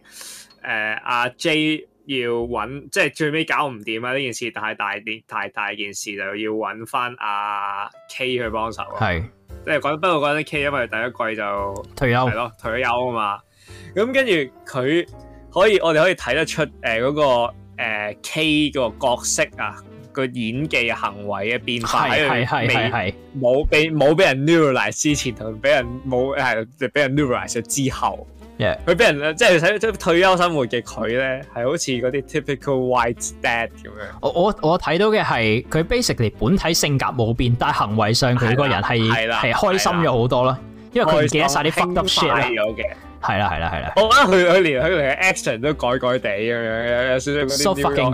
阿 J 要揾，即係最尾搞唔掂啊呢件事，大大件大大件事就要揾翻阿 K 去幫手，係即係講不過講緊 K，因為第一季就退休咯，退咗休啊嘛，咁跟住佢可以我哋可以睇得出誒嗰個誒 K 個角色啊。個演技行為嘅變化，係係係係冇俾冇俾人 neuralize e 之前同俾人冇 e 俾人 neuralize 之後，佢俾 Yeah. 人即係退休生活嘅佢咧，係好似嗰啲 typical white dad 咁樣。我我我睇到嘅係佢 basically 本體性格冇變，但係行為上佢個人係係開心咗好多啦，因為佢記得晒啲 fuck up shit 啦。係啦，係啦，係啦。我覺得佢佢連佢哋嘅 action 都改改地咁樣，有少少嗰啲啲。so fucking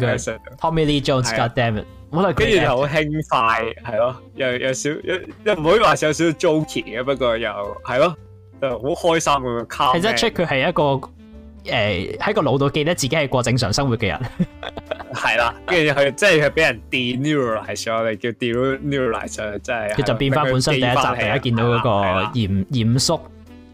good。Tommy Lee Jones，God damn it。跟住又好輕快，係咯，又又少一，一唔會話有少少 jokey 嘅，不過又係咯，好開心咁樣。睇得出佢係一個誒，喺個腦度記得自己係過正常生活嘅人。係啦，跟住佢即係佢俾人 de-neuralize 咗，我哋叫 de-neuralize，即係佢就變翻本身第一集大家見到嗰個嚴嚴肅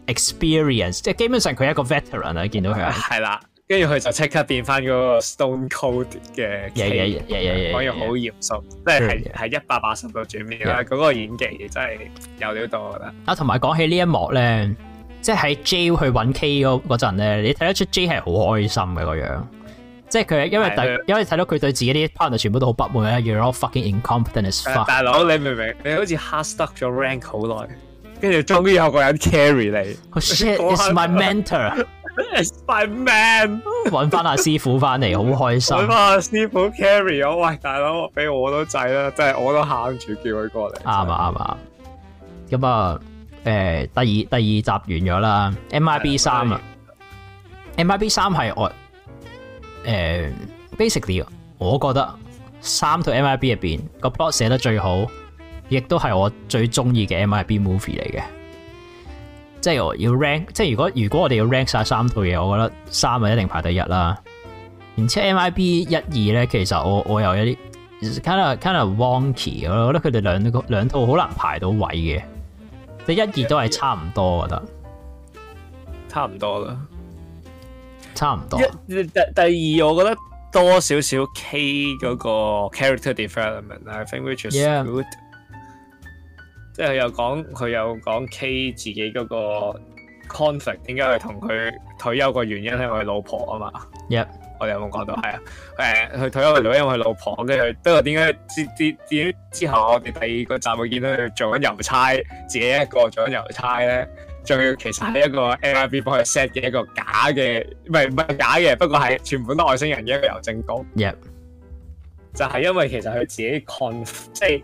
experience 即係基本上佢係一個 veteran 啊、嗯，見到佢係啦，跟住佢就即刻變翻嗰個 stone cold 嘅，係係係係，講嘢好嚴肅，即係係係一百八十度轉面。嗰呀個演技真係有料到噶啦。啊，同埋講起呢一幕咧，即係喺 j i l 去揾 k 嗰嗰陣咧，你睇得出 j 係好開心嘅個樣，即係佢因為第的因為睇到佢對自己啲 partner 全部都好不滿咧，you are fucking incompetent as fuck, 大佬你明唔明？你好似 hard stuck 咗 rank 好耐。跟住，終於有個人 carry 你。我、oh, shit，it's my mentor，it's my man。揾翻阿師傅翻嚟，好開心。揾翻師傅 carry 我，喂，大佬，俾我都制啦，真係我都喊住叫佢過嚟。啱啊啱啊。咁的啊，誒、啊呃，第二第二集完咗啦。MIB 三啦。MIB 三係我誒、呃、，basically，我覺得三套 MIB 入邊、這個 plot 寫得最好。亦都係我最中意嘅 MIB movie 嚟嘅，即係我要 rank。即係如果如果我哋要 rank 晒三套嘢，我覺得三係一定排第一啦。然之後 MIB 一二咧，其實我我有一啲 kind of wonky，我覺得佢哋兩個兩套好難排到位嘅，即一二都係差唔多，我覺得差唔多啦，差唔多。第二，我覺得多少少 K 嗰個 character development，I think which is Yeah. good。即係佢又講，佢又講 K 自己嗰個 conflict 點解係同佢退休個原因係因為老婆啊嘛？一 Yep. 我哋有冇講到？係啊，誒，佢退休原因係因為老婆，跟住不過點解之之之之後，我哋第二個集會見到佢做緊郵差，自己一個做緊郵差咧，仲要其實係一個 Airbnb set 嘅一個假嘅，唔係唔係假嘅，不過係全部都外星人嘅一個郵政局。一 Yep. 就係因為其實佢自己 conflict 即係。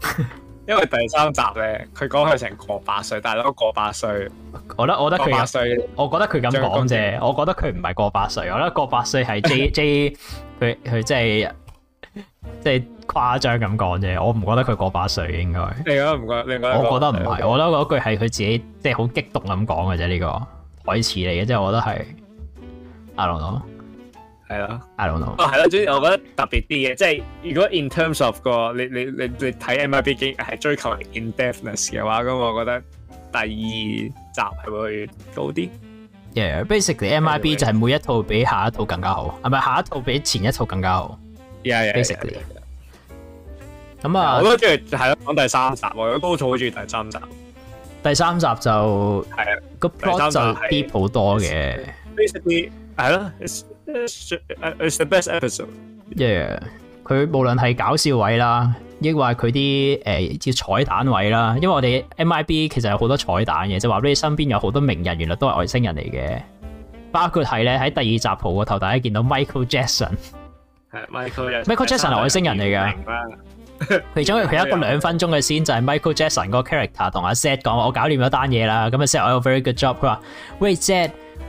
因為第三集咧，佢講佢成個八歲，但係都過八歲，我覺得我覺得佢八歲，我覺得佢咁講啫，我覺得佢唔係過八歲，我覺得過八歲係 J J，佢佢即係即係誇張咁講啫，我唔覺得佢過八歲應該。你覺得唔覺得？我覺得唔係，我覺得嗰句係佢自己即係好激動咁講嘅啫，呢個台詞嚟嘅，即係我覺得係阿龍龍。係啦 Yeah.，I don't know、啊。係咯，總之我覺得特別啲嘅，即係如果 in terms of 個你你你你睇 MIB 已經係追求 in depthness 嘅話，咁我覺得第二集係會高啲。Yeah，basically MIB 就係每一套比下一套更加好，係咪下一套比前一套更加好？Yeah，basically。咁啊，我都中意係咯，講第三集，我都好早好中意第三集。第三集就係啊，個 plot 就 deep 好多嘅。就是、s, basically 係咯。最誒，係最 best episode。耶！佢無論係搞笑位啦，亦或佢啲誒，即、呃、彩蛋位啦。因為我哋 MIB 其實有好多彩蛋嘅，就話你身邊有好多名人，原來都係外星人嚟嘅。包括係咧喺第二集蒲個頭，大家見到 Michael Jackson。 Michael j a c k s o n m 外星人嚟嘅。其中佢一個兩分鐘嘅先就係 Michael Jackson 個 character 同阿 Z 講，我搞掂咗單嘢啦。咁阿 z i have very good job。佢話，Wait，Z。Wait, z,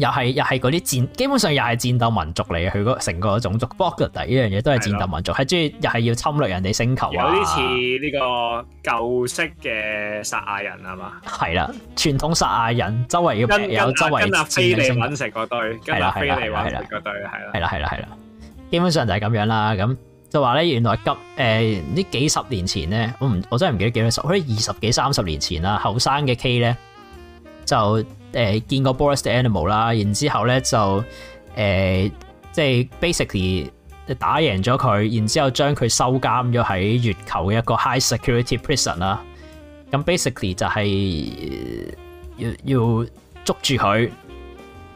又係又係嗰啲戰，基本上又係戰鬥民族嚟嘅，佢個成個種族。b o o g e r 呢樣嘢都係戰鬥民族，係中意又係要侵略人哋星球，啊。有啲似呢個舊式嘅撒亞人吖嘛？係啦，傳統撒亞人周圍要有周圍飛嚟揾食嗰堆，飛嚟揾食嗰堆，係啦係啦係啦，基本上就係咁樣啦。咁就話咧，原來今誒呢幾十年前咧，我唔我真係唔記得幾多十，好似二十幾三十年前啦，後生嘅 K 咧。就誒、呃、見過 Boris the animal 啦、呃，然之後咧就即係 basically 打贏咗佢，然之後將佢收監咗喺月球嘅一個 high security prison 啦、就是。咁 basically 就係要要捉住佢，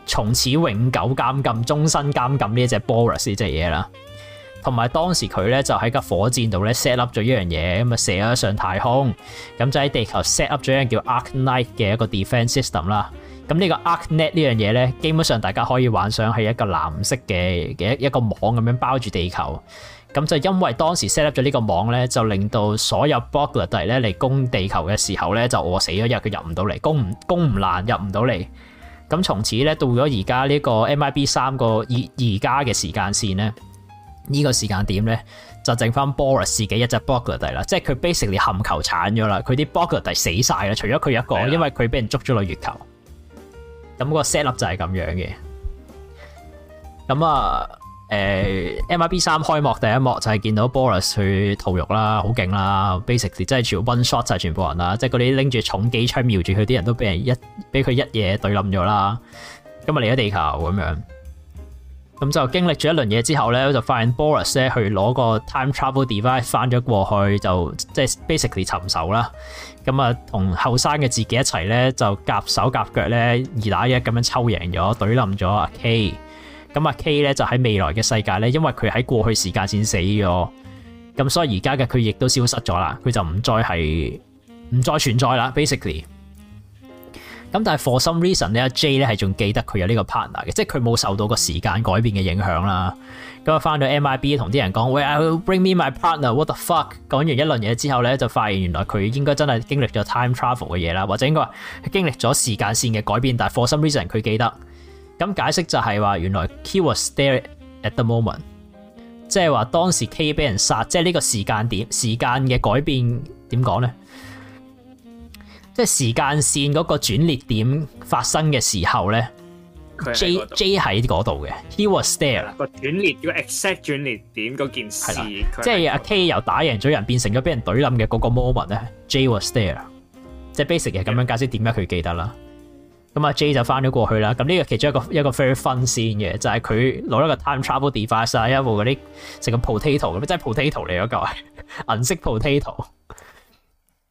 從此永久監禁、終身監禁呢一隻 Boris 呢隻嘢啦。同埋當時佢咧就喺架火箭度咧 set up 咗一樣嘢，咁啊射咗上太空，咁就喺地球 set up 咗一樣叫 Arcnet 嘅一個 defense system 啦。咁呢個 Arcnet 呢樣嘢咧，基本上大家可以幻想係一個藍色嘅嘅一個網咁樣包住地球。咁就因為當時 set up 咗呢個網咧，就令到所有 Boglodite 嚟咧嚟攻地球嘅時候咧就餓死咗，因為佢入唔到嚟，攻唔攻唔爛，入唔到嚟。咁從此咧到咗而家呢個 MIB 三個而而家嘅時間線咧。呢個時間點咧，就剩翻 Boris 自己一隻 Boglodite 啦，即係佢 basically 冚球鏟咗啦，佢啲 Boglodite 死晒啦，除咗佢一個，的因為佢俾人捉咗落月球。咁個 set up 就係咁樣嘅。咁啊，MIB 三開幕第一幕就係見到 Boris 去屠肉啦，好勁啦，basically 即係全部 one shot 晒，全部人啦，即係嗰啲拎住重機槍瞄住佢啲人都俾人一俾佢一嘢對冧咗啦。今日嚟咗地球咁樣。咁就經歷咗一輪嘢之後咧，就發現 Boris 咧去攞個 time travel device 翻咗過去，就即係、就是、basically 尋仇啦。咁啊，同後生嘅自己一齊咧，就夾手夾腳咧，二打一咁樣抽贏咗，懟冧咗阿 K。咁阿 K 咧就喺未來嘅世界咧，因為佢喺過去時間線死咗，咁所以而家嘅佢亦都消失咗啦，佢就唔再係唔再存在啦，basically。咁但係 for some reason 咧，J 咧係仲記得佢有呢個 partner 嘅，即係佢冇受到個時間改變嘅影響啦。咁啊，翻到 MIB 同啲人講，喂，I'll bring me my partner，what the fuck？講完一輪嘢之後咧，就發現原來佢應該真係經歷咗 time travel 嘅嘢啦，或者應該經歷咗時間線嘅改變，但係 for some reason 佢記得。咁解釋就係話原來 K was there at the moment，即係話當時 K 俾人殺，即係呢個時間點、時間嘅改變點講咧？即係時間線嗰個轉捩點發生嘅時候咧，J J 喺嗰度嘅，He was there。個轉捩，個 exact 轉捩點嗰件事，即係阿 K 由打贏咗人變成咗俾人懟冧嘅嗰個 moment 咧，J was there 即。即係 basic 係咁樣解釋點解佢記得啦。咁阿對 J 就翻咗過去啦。咁呢個其中一個一個 very fun 嘅，就係佢攞一個 time travel device，一部嗰啲成個 potato 咁，即係 potato 嚟嗰嚿係、嗰個銀色 potato。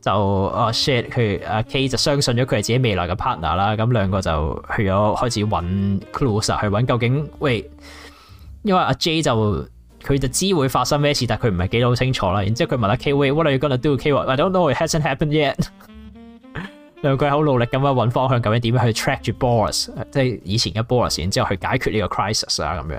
就啊 shit，佢阿 K 就相信咗佢係自己未來嘅 partner 啦，咁兩個就去咗開始揾 clue，去揾究竟喂，因為阿 J 就佢就知會發生咩事，但係佢唔係記得好清楚啦。然之後佢問阿 K 喂，what are you gonna do？K 話 I don't know，it hasn't happened yet。兩個好努力咁樣揾方向，究竟點樣去 track 住 Boris，即係以前嘅 Boris，然之後去解決呢個 crisis 啊咁樣。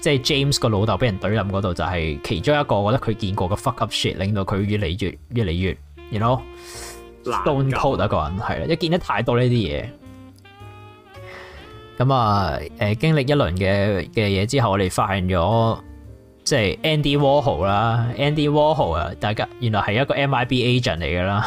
即係 James 個老豆俾人懟冧嗰度就係其中一個，我覺得佢見過嘅 fuck up shit，令到佢越嚟越越嚟越，you know, stone cold 一個人係啦，一見得太多呢啲嘢。咁啊，誒，經歷一輪嘅嘅嘢之後，我哋發現咗，即係 Andy Warhol 啦，Andy Warhol 啊，大家原來係一個 MIB agent 嚟噶啦。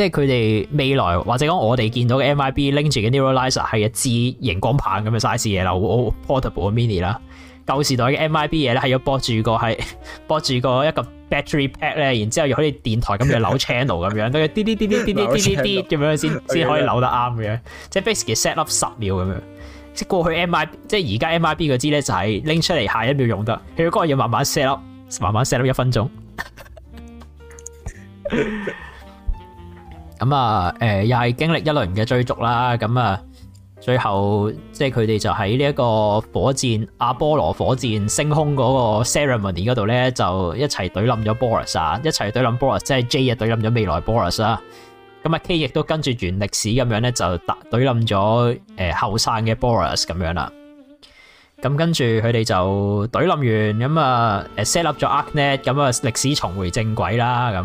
即係佢哋未來，或者講我哋見到嘅 MIB 拎住嘅 Neuralizer 係一支熒光棒咁嘅 size 嘢啦，好 portable mini 啦。舊時代嘅 MIB 嘢咧係要播住個係播住個一個 battery pack 咧，然之後又好似電台咁嘅扭 channel 咁樣，跟住滴滴滴滴滴滴滴滴滴咁樣先先可以扭得啱嘅樣。即係 basically set up 十秒咁樣。即係過去 MIB，即係而家 MIB 嗰支咧就係拎出嚟下一秒用得，佢嗰個要慢慢 set up，慢慢 set up 一分鐘。咁啊，誒、呃，又係經歷一輪嘅追逐啦，咁啊，最後即係佢哋就喺呢一個火箭阿波羅火箭升空嗰個 ceremony 嗰度咧，就一齊懟冧咗 Boris 啊，一齊懟冧 Boris，即係 J 啊懟冧咗未來 Boris 啊。咁啊 K 亦都跟住原歷史咁樣咧，就打懟冧咗誒後生嘅 Boris 咁樣啦、啊，咁跟住佢哋就懟冧完，咁啊 set up 咗 ArcNet，咁啊歷史重回正軌啦，咁。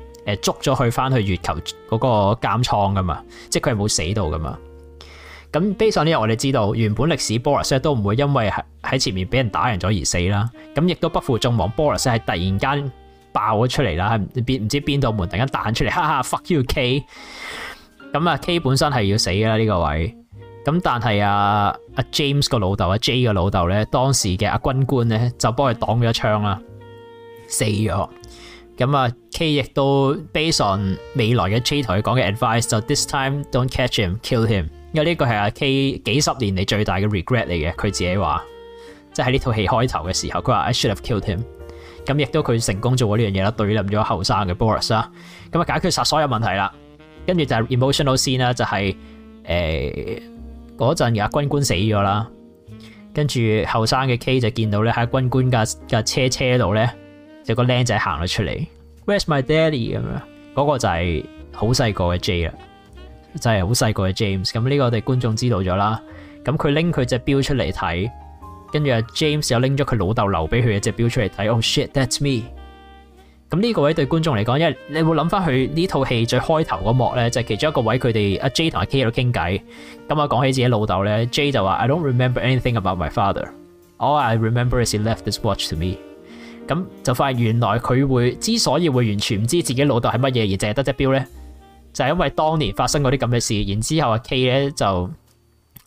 捉咗佢翻去月球嗰個監倉噶嘛，即係佢係冇死到噶嘛。咁 basically 我哋知道原本歷史 Boris 都唔會因為喺前面俾人打贏咗而死啦。咁亦都不負眾望 Boris 係突然間爆咗出嚟啦，邊唔知邊度門突然間彈出嚟，哈哈 fuck you K。咁啊，K 本身係要死噶啦呢個位。咁但係啊阿 James 個老豆，啊 J 個老豆咧，當時嘅阿軍官咧就幫佢擋咗一槍啦，死咗。咁啊，K 亦都 based on 未來嘅 Chief 同佢講嘅 advice，就 this time don't catch him, kill him。因為呢個係阿 K 幾十年嚟最大嘅 regret 嚟嘅，佢自己話，即係喺呢套戲開頭嘅時候，佢話 I should have killed him。咁亦都佢成功做過呢樣嘢啦，對冧咗後生嘅 Boris 啦，咁啊解決晒所有問題啦。跟住就 emotional 先啦，就是，就係嗰陣而家軍官死咗啦，跟住後生嘅 K 就見到咧喺軍官架架車車度咧。就個靚仔行咗出嚟，Where's my daddy 咁樣，嗰、嗰個就係好細個嘅 J 啦，就係好細個嘅 James。咁呢個我哋觀眾知道咗啦。咁佢拎佢隻錶出嚟睇，跟住阿 James 又拎咗佢老豆留俾佢嘅隻錶出嚟睇。Oh shit，that's me。咁呢個位對觀眾嚟講，因為你會諗翻佢呢套戲最開頭嗰幕咧，就係、其中一個位佢哋阿 J 同阿 K 喺度傾偈，咁啊講起自己老豆咧，J 就話 I don't remember anything about my father，all I remember is he left this watch to me。咁就發現原來佢會之所以會完全唔知自己老豆係乜嘢，而淨係得隻表咧，就係、是、因為當年發生嗰啲咁嘅事。然之後阿 K 咧就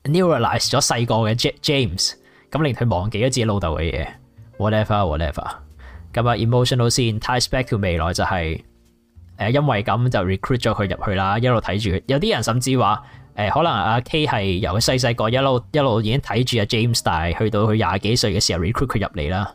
neuralize 咗細個嘅 James，咁令佢忘記咗自己老豆嘅嘢。Whatever，whatever whatever。咁啊，emotional 先，tie back to 未來就係誒，因為咁就 recruit 咗佢入去啦，一路睇住。有啲人甚至話誒、呃，可能阿 K 係由佢細細個一路一路已經睇住阿 James，但係去到佢廿幾歲嘅時候 recruit 佢入嚟啦。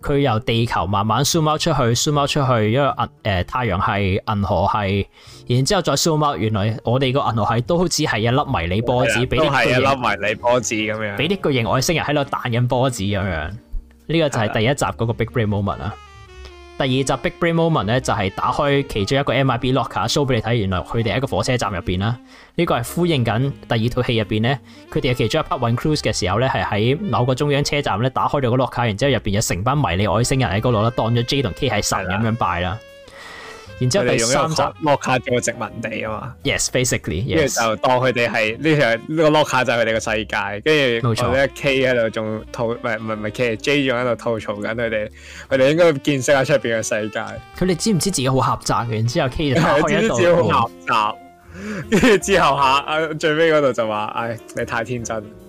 佢由地球慢慢 zoom out，出去，zoom out 出去，因為銀誒、呃、太陽系、銀河系，然之後再 zoom out。原來我哋個銀河系都只係一粒迷你波子，俾啲的巨型外星人喺度彈緊波子咁樣子。呢、這個就係第一集嗰個 big brain moment 啦。第二集 Big Brain Moment 咧，就係打開其中一個 MIB Locker show 俾你睇，原來佢哋喺個火車站入邊啦。呢個係呼應緊第二套戲入邊咧，佢哋喺其中一 part Cruise 嘅時候咧，係喺某個中央車站咧打開咗個 Locker，然之後入邊有成班迷你外星人喺嗰度啦，當咗 J 同 K 係神咁樣拜啦。然之後佢用一個 lock 卡做殖民地啊嘛，yes basically，跟、yes. 住就當佢哋係呢條呢個 lock 卡、這個、就係佢哋嘅世界，跟住有一 k 喺度仲吐，唔係唔係唔係，其實 j 仲喺度吐槽緊佢哋，佢哋應該見識下出邊嘅世界。佢哋知唔知自己好狹窄？雜？然之後 k 就知唔知自己好狹窄。跟住之後下誒最尾嗰度就話，唉、哎、你太天真。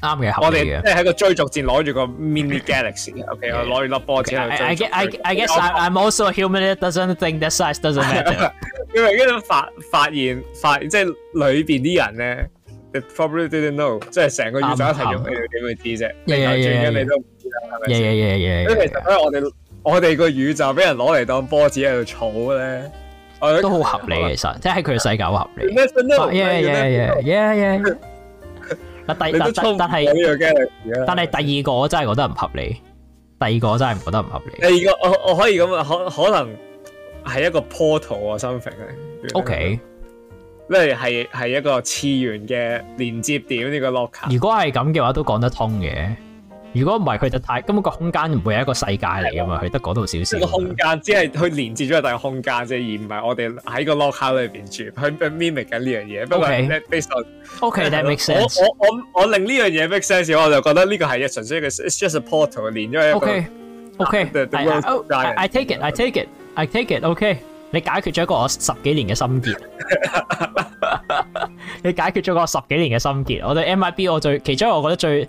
啱嘅，我哋即係喺個追逐戰攞住個 mini galaxy，OK，我攞住粒波子喺度追逐。I guess I'm also a human that doesn't think that size doesn't matter。因為跟住發發現發即係裏邊啲人咧，probably didn't know，即係成個宇宙一齊用點會知啫？地球轉緊你都唔知啦，係咪其實咧，我哋我哋個宇宙俾人攞嚟當波子喺度儲咧，都好合理其實，即係佢嘅世界好合理。但第但但係但係第二個我真係覺得唔合理，第二個我真係唔覺得唔合理。第二個我我，我可以咁啊，可可能係一個 portal 啊，something 啊。Okay，例如係係一個次元嘅連接點，呢個 locker。如果係咁嘅話，都講得通嘅。如果唔係佢就太根本個空間唔會係一個世界嚟噶嘛，佢得嗰度少少。個空間只係去連接咗個大空間啫，而唔係我哋喺個 lockout 裏邊住去去 mimic 嘅呢樣嘢。不過 based on，我我我我令呢樣嘢 make sense，我就覺得呢個係純粹 it's just a portal 連咗一個。Okay，okay，I take it，I take it，I take it。Okay，你解決咗一個我十幾年嘅心結，你解決咗個十幾年嘅心結。我對 MIB 我最其中，我覺得最。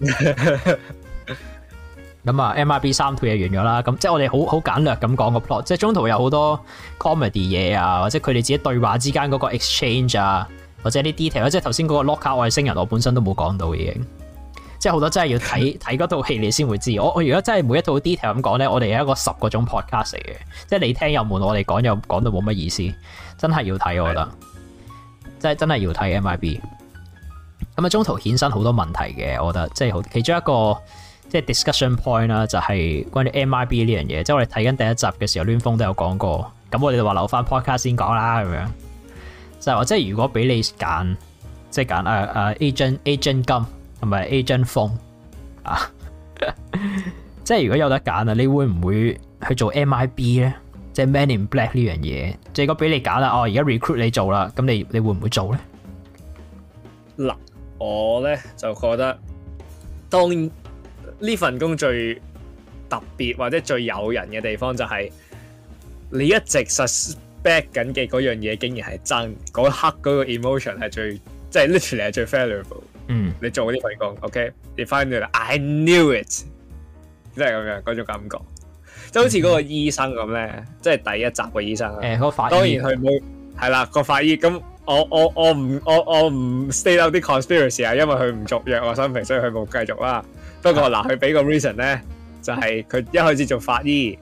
咁 啊，MIB 三套嘢完咗啦，咁即係我哋好好簡略咁講個 plot，即係中途有好多 comedy 嘢啊，或者佢哋自己對話之間嗰個 exchange 啊，或者啲 detail，即係頭先嗰個 locker 外星人，我本身都冇講到嘅，已經，即係好多真係要睇睇嗰套戲你先會知。 我我如果真係每一套 detail 咁講咧，我哋有一個十個種 podcast 嚟嘅，即係你聽又悶，我哋講又講到冇乜意思，真係要睇我覺得，的即真真係要睇 MIB。咁啊，中途衍生好多問題嘅，我覺得即係好。其中一個即係 discussion point 啦，就係關於 MIB 呢樣嘢。即係我哋睇緊第一集嘅時候，亂風都有講過。咁我哋就話留翻 podcast 先講啦，咁樣就係話即係如果俾你揀，即係揀誒誒 agent agent 金同埋 agent 風啊。 即係如果有得揀啊，你會唔會去做 MIB 咧？即係 Men in Black 呢樣嘢。即係如果俾你揀啦，哦，而家 recruit 你做啦，咁你你會唔會做咧？我咧，就覺得，當呢份工最特別或者最誘人嘅地方就係，你一直 suspect 緊嘅嗰樣嘢竟然係真，嗰刻嗰個 emotion 係最，即係 literally 係最 valuable。嗯，你做嗰啲份工，OK？你翻到嚟，I knew it，即係咁樣嗰種感覺，即係好似嗰個醫生咁咧，嗯、即係第一集個醫生。誒、嗯，個法醫，當然佢冇係啦，個法醫咁。我我我唔我我唔 state out 啲 conspiracy 啊，因為佢唔續約啊。我新平，所以佢冇繼續啦。不過嗱，佢俾個 reason 咧，就係、是、佢一開始做法醫，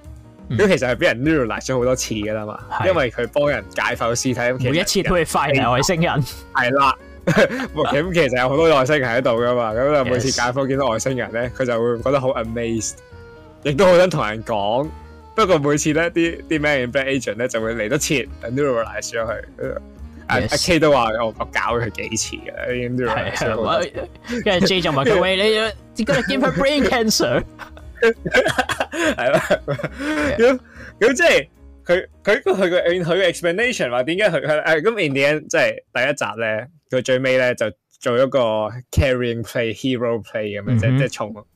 咁、嗯、其實係俾人 neuralize 咗好多次噶啦嘛。嗯、因為佢幫人解剖屍體，每一次都會發現人外星人，係啦的。咁 其實有好多外星人喺度噶嘛，咁就每次解剖見到外星人咧，佢就會覺得好 amazed，亦都好想同人講。不過每次咧，啲啲咩 in black agent 咧就會嚟得切 neuralize 咗佢。 阿 Yes. K 都話我搞佢幾次嘅，跟住，跟住 J 就話佢：喂，你 gonna give her brain cancer？係咯，咁咁即係佢佢佢佢，佢嘅 explanation 話點解佢佢誒咁？In the end 即係第一集咧，佢最尾咧就做一個 carrying play、hero play 咁樣、mm，hmm. 即即係衝。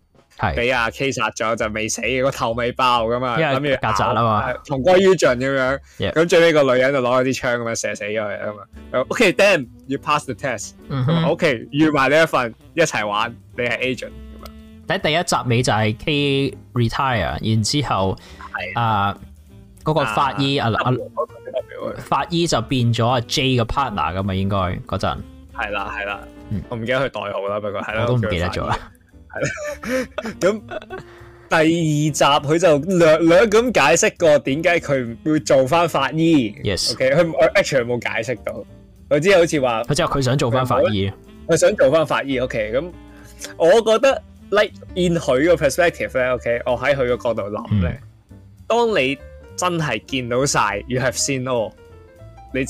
俾阿 K 殺咗就未死，個頭未爆㗎嘛，咁樣曱甴啊嘛，同歸於盡咁樣，咁最尾個女人就攞咗啲槍咁樣射死咗佢嘛。OK，damn you pass the test。OK，預埋你一份一齊玩，你係 agent 咁啊。第一集尾就係 K retire，然之後啊，嗰個法醫啊啊，法醫就變咗阿 J 嘅 partner 噶嘛，應該嗰陣。係啦係啦，我唔記得佢代號啦，不過係啦，我都唔記得咗啦。係咁， 第二集佢就略略咁解釋過點解佢會做翻法醫。Yes，OK，佢 actually 有冇解釋到？佢之後好似話，佢知佢想做翻法醫，佢想做翻法醫。OK，咁我覺得 like in 佢個 perspective 咧，OK，我喺佢個角度諗咧，嗯、當你真係見到晒，you have seen all，你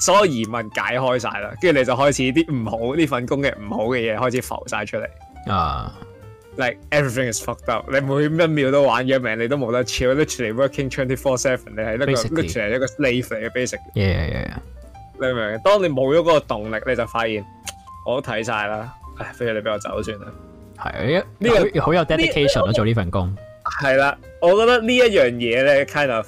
所有疑問解開晒啦，跟住你就開始啲唔好呢份工嘅唔好嘅嘢開始浮晒出嚟啊。Uh. Like everything is fucked up，你每一秒都玩嘅命，你都冇得 chill。Literally working twenty four seven，你係一個你全係一個 slave 嚟嘅 basic。Yeah yeah yeah，你明唔明？當你冇咗嗰個動力，你就發現我都睇晒啦。唉，不如你俾我走算啦。係的、呢個、啊，呢個好有 dedication 做呢份工。係啦，我覺得這呢一樣嘢咧，kind of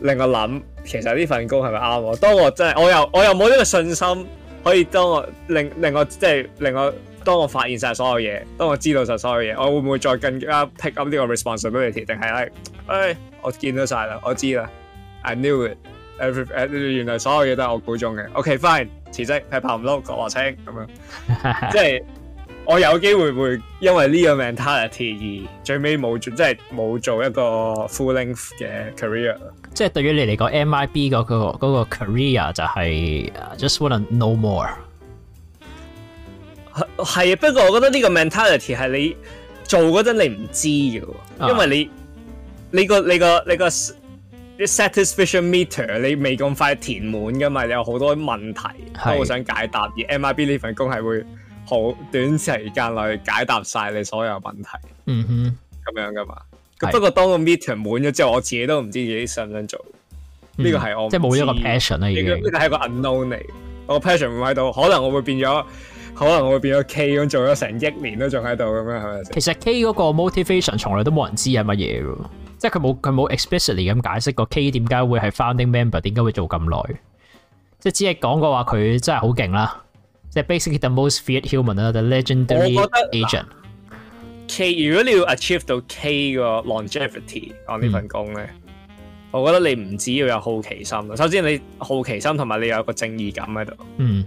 令我諗，其實呢份工係咪啱我？當我真係，我又我又冇呢個信心，可以當我令令我即係令我。當我發現晒所有嘢，當我知道晒所有嘢，我會唔會再更加 pick up 呢個 responsibility？定係咧，哎，我見到晒啦，我知啦，I knew it，原嚟所有嘢都係我估中嘅。OK，fine，okay, 辭職係爬唔到，講清咁樣， 即係我有機會會因為呢個 mentality 而最尾冇做，即係冇做一個 full length 嘅 career 即。即係對於你嚟講，MIB，嗰個嗰、嗰個 career 就係、是、just want no more。係啊，不過我覺得呢個 mentality 係你做嗰陣你唔知嘅，啊、因為你你個你個你個 satisfaction meter 你未咁快填滿噶嘛，你有好多問題都好想解答，而 MIB 呢份工係會好短時間內解答晒你所有問題，嗯哼，咁樣噶嘛。不過是當個 meter 滿咗之後，我自己都唔知自己想唔想做。呢、嗯、哼個係我即係冇一個 passion 啦、啊，已經。呢個係個 unknown 嚟，我個 passion 唔喺度，可能我會變咗。可能我會變咗 K 咁做咗成億年都仲喺度咁樣，係咪？其實 K 嗰個 motivation 從來都冇人知係乜嘢喎，即係佢冇佢冇 explicitly 咁解釋過 K 點解會係 founding member，點解會做咁耐，即係只係講過話佢真係好勁啦，即係 basically the most feared human the legendary agent。K，如果你要 achieve 到 K 個 longevity 喺呢份工咧，嗯、我覺得你唔止要有好奇心，首先你好奇心同埋你有個正義感喺度。嗯。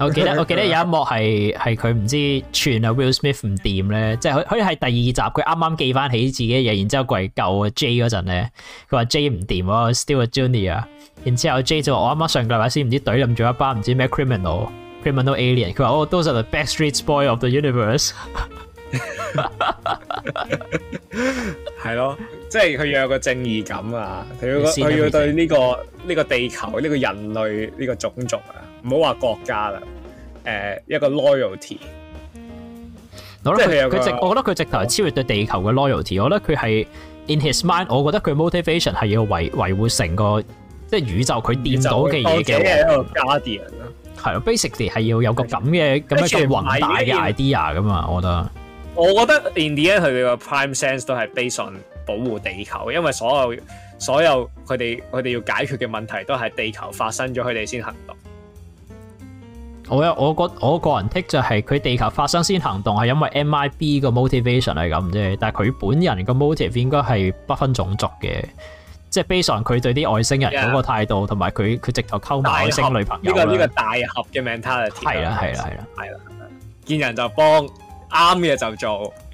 我記得我記得有一幕係係佢唔知串啊 Will Smith 唔掂咧，即係佢佢係第二集佢啱啱記翻起自己嘅嘢，然之後過嚟救啊 Jay 嗰陣咧，佢話 Jay 唔掂，still a junior，然之後 Jay 就話我啱啱上個禮拜先唔知懟冧咗一班唔知咩 criminal criminal alien，佢話哦 those are the backstreet boy of the universe，係咯，即係佢要有個正義感啊，佢佢要，'ve 要對呢、這個呢 everything. 個地球呢、這個人類呢、這個種族啊。唔好話國家啦，誒，uh，一個 loyalty，我覺得佢佢直，我覺得佢直頭超越對地球嘅 loyalty。我覺得佢係 in his mind，我覺得佢 motivation 係要維維護成個即係宇宙佢掂到嘅嘢嘅一個 guardian 咯。係啊，basically 係要有個咁嘅咁樣嘅宏大嘅 idea 噶嘛。我覺得，我覺得 in the end 佢哋個 prime sense 都係 basically 保護地球，因為所有所有佢哋佢哋要解決嘅問題都係地球發生咗，佢哋先行動。我有我個我個人剔就係佢地球發生先行動，係因為 MIB 個 motivation 係咁啫，但係佢本人個 motive 應該係不分種族嘅，即係 based on 佢對啲外星人嗰個態度同埋佢佢直頭溝埋外星女朋友，呢、這個呢、這個大俠嘅 mentality 係啦係啦、啊、係啦係啦，見人就幫啱嘅就做。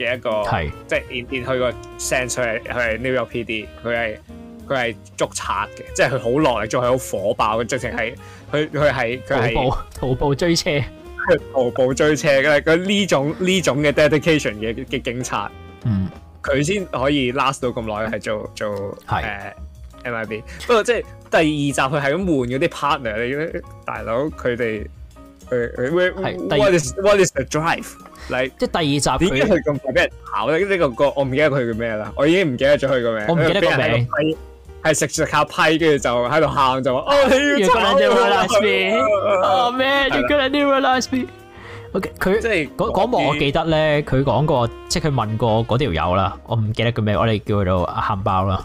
嘅一個，是即係入入個 sense 係佢係 New York PD，佢係佢係捉賊嘅，即係佢好耐，仲係好火爆嘅。直情係佢佢係佢係徒步追車，佢徒步追車嘅。佢、就、呢、是、種呢 種嘅 dedication 嘅嘅警察，嗯，佢先可以 last 到咁耐，係做做誒 MIB。不過即係第二集佢係咁換嗰啲 partner，啲大佬佢哋。他們佢佢會 what is what is the drive？嚟、like，即係第二集點解佢咁快俾人咬呢、呢個個我唔記得佢叫咩啦，我已經唔記得咗佢個名。我唔記得個名係食食下批，跟住字就喺度喊，就話：哦，要走你唔好拉住我，哦咩？你唔好拉住我。佢即係嗰嗰幕我記得咧，佢講過，即係佢問過嗰條友啦，我唔記得叫咩，我哋叫佢做鹹包啦。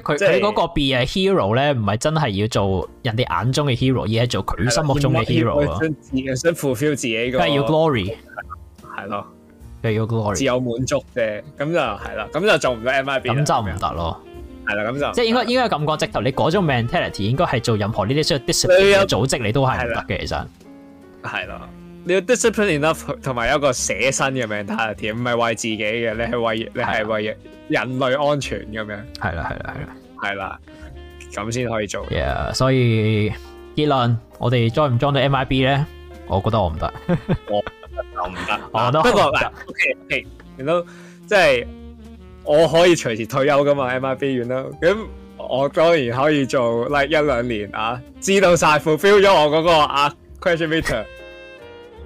佢佢嗰個 be a hero 咧，唔係真係要做人哋眼中嘅 hero，而係做佢心目中嘅 hero 咯。而係想 fulfill 自己，而係要 glory，係咯，而要 glory，自有滿足啫。咁就係啦，咁就做唔到 M I B，咁就唔得咯。係啦，咁就即係應該應該感覺直頭，你嗰種 mentality 應該係做任何呢啲需要 discipline 嘅組織，你都係唔得嘅。其實係咯。你要 discipline enough，同埋有一個捨身嘅 mentality 唔係為自己嘅，你係為你係為人類安全咁樣。係啦，係啦，係啦，係啦，咁先可以做嘅。y、yeah，所以結論，我哋裝唔裝到 M I B 咧？我覺得我唔 得我， 我覺得我唔得，我都 不過 o k ok 完、okay, 啦 you know,，即係我可以隨時退休噶嘛。M I B 完啦，咁我當然可以做、like、一兩年啊，知道晒 fulfill 咗我嗰個啊 question meter。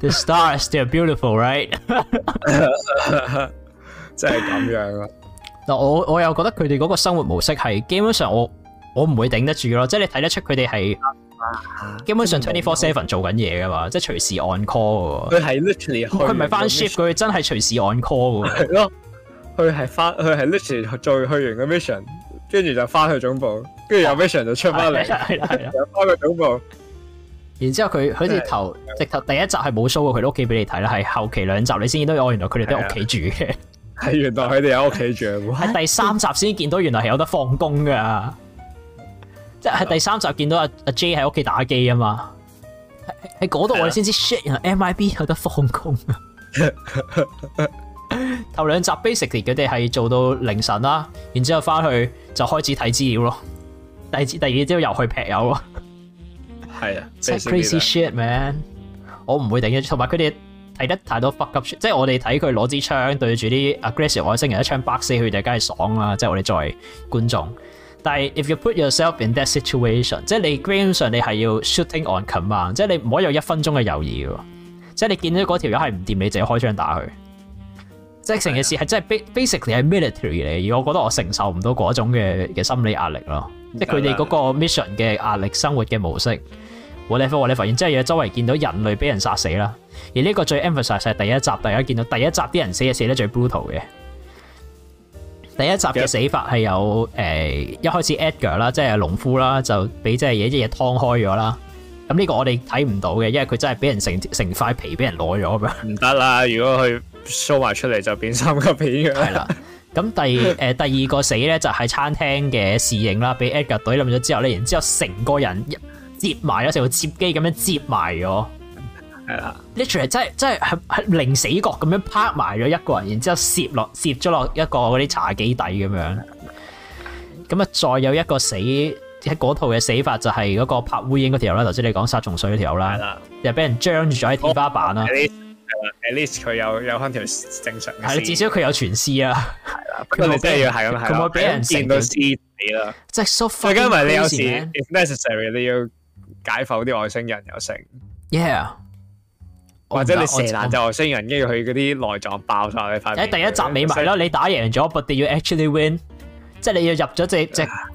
The stars, they're beautiful, right？真係咁樣咯。嗱，我我又覺得佢哋嗰個生活模式係基本上，我我唔會頂得住咯。即係你睇得出佢哋係基本上 twenty four seven 做緊嘢噶嘛，即係隨時 on call。佢係 literally，佢唔係翻 shift，佢真係隨時 on call。係咯，佢係翻，佢係 literally 再去完個 mission，跟住就翻去總部，跟住有 mission 就出翻嚟，又翻去總部。然之後佢好似頭直頭第一集係冇 show 過佢屋企俾你睇啦，係後期兩集你先見到哦，原來佢哋都屋企住嘅、啊。係 原來佢哋有屋企住。喺來 第三集先見到原來係有得放工噶，是即係第三集見到阿阿 J 喺屋企打機啊嘛。喺嗰度我哋先知 shit，、啊、原來 MIB 有得放工。頭兩集 basically 佢哋係做到凌晨啦，然之後翻去就開始睇資料咯。第二第二朝又去劈友。係啊，即係 crazy shit man，我唔會頂一，同埋佢哋睇得太多 fuck up，shit，即係我哋睇佢攞支槍對住啲 aggressive 外星人一槍爆死佢哋梗係爽啦，即係我哋作為觀眾。但係 if you put yourself in that situation，即係你 mission 你係要 shooting on command，即係你唔可以有一分鐘嘅猶豫嘅，即係你見到嗰條友係唔掂，你自己開槍打佢。即係成件事係真係 basically 係 military 嚟，而我覺得我承受唔到嗰種嘅嘅心理壓力咯，即係佢哋嗰個 mission 嘅壓力、生活嘅模式。whatever whatever，然之後又周圍見到人類俾人殺死啦，而呢個最 emphasize 係第一集，大家見到第一集啲人死嘅死得最 brutal 嘅。第一集嘅死法係有誒果、呃，一開始 Edgar 啦，即係農夫啦，就俾即係嘢啲嘢劏開咗啦。咁、這、呢個我哋睇唔到嘅，因為佢真係俾人成成塊皮俾人攞咗咁樣。唔得啦，如果佢 show 埋出嚟就變三級片嘅。係 啦，咁第誒、呃、第二個死咧就係、是、餐廳嘅侍應啦，俾 Edgar 隊斬咗之後咧，然之後成個人個，接埋啦，就接機咁樣接埋咗，係啦，literally 真係真係係係零死角咁樣拍埋咗一個人，然之後攝落攝咗落一個嗰啲茶几底咁樣，咁、嗯、啊、嗯、再有一個死喺嗰套嘅死法就係嗰個拍烏蠅嗰條啦，頭先你講殺蟲水嗰條啦，又俾的人張住咗喺天花板啦，at least 係啦，at least 佢有有翻條正常，係至少佢有全屍啊，係 啦，真係要係咁係，咁我俾人見到屍體啦，即係 s, o、so、f 你有時嗎 necessary 你要。解剖啲外星人又成，yeah，或者你射爛就外星人，跟住去嗰啲內臟爆晒你塊。喺第一集尾埋咯，就是、你打贏咗，但係你要 actually win， 即係你要入咗只隻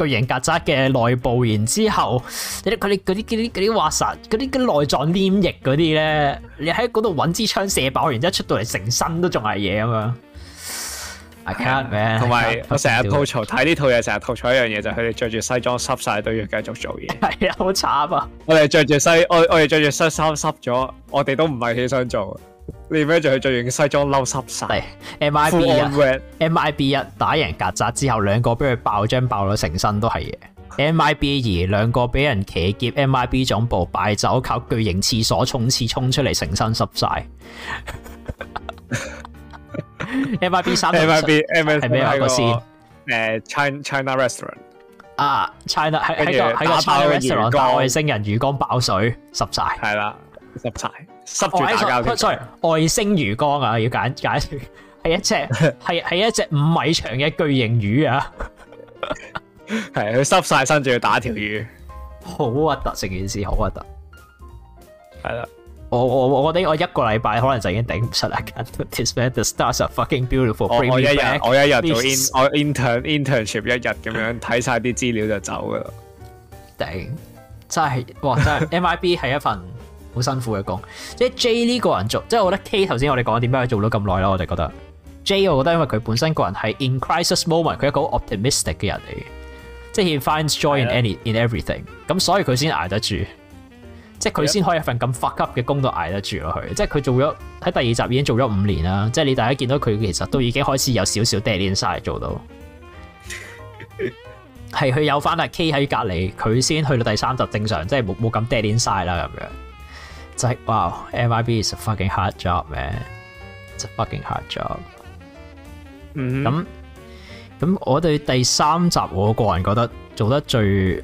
巨型曱甴嘅內部，然之後你啲佢哋嗰啲嗰啲嗰啲話神，啲嘅內臟黏液嗰啲咧，你喺嗰度揾支槍射爆，然之後出到嚟成身都仲係嘢咁樣。係咩？同埋我成日吐槽睇呢套嘢，成日吐槽一樣嘢就係佢哋着住西裝濕晒都要繼續做嘢。係啊，好慘啊！我哋着住西，我我哋着住西裝濕咗，我哋都唔係起身做。你咩就係着完西裝嬲濕晒？MIB 一，MIB 一打贏曱甴之後，兩個俾佢爆漿爆到成身都係嘢。MIB 二兩個俾人騎劫，MIB 總部敗走，靠巨型廁所沖廁沖出嚟，成身濕晒。MIB 三，MIB M S 係咩？喺個線誒，China China restaurant 啊，China 喺喺個喺個 China restaurant 外星人魚缸爆水，濕晒係啦，濕晒濕住打交嘅，外星魚缸啊，要解解釋係一隻係係一隻五米長嘅巨型魚啊，係佢濕晒身仲要打條魚，好核突，成件事好核突，係啦。我我我我頂，我一個禮拜可能就已經頂唔出啦。咁，This man, the stars are fucking beautiful。我我一日我一日做 in 我 intern internship 一日咁樣睇晒啲資料就走噶啦。頂，真係哇真係 MIB 係一份好辛苦嘅工。即係 J 呢個人做，即係我覺得 K 頭先我哋講點解佢做到咁耐咯，我就覺得 J，我覺得因為佢本身個人係 in crisis moment，佢一個好 optimistic 嘅人嚟嘅，即係 he finds joy in any in everything，咁所以佢先捱得住。即係佢先可以一份咁 fuck up 嘅工都捱得住落去，即係佢做咗喺第二集已經做咗五年啦。即係你大家見到佢其實都已經開始有少少 dead inside 做到，係佢 有返阿 K 喺隔籬佢先去到第三集正常，即係冇冇咁 dead inside 啦咁樣。就係、是、哇 MIB is a fucking hard job 咩？a It's a fucking hard job。咁咁、mm，hmm. 我對第三集我個人覺得做得最。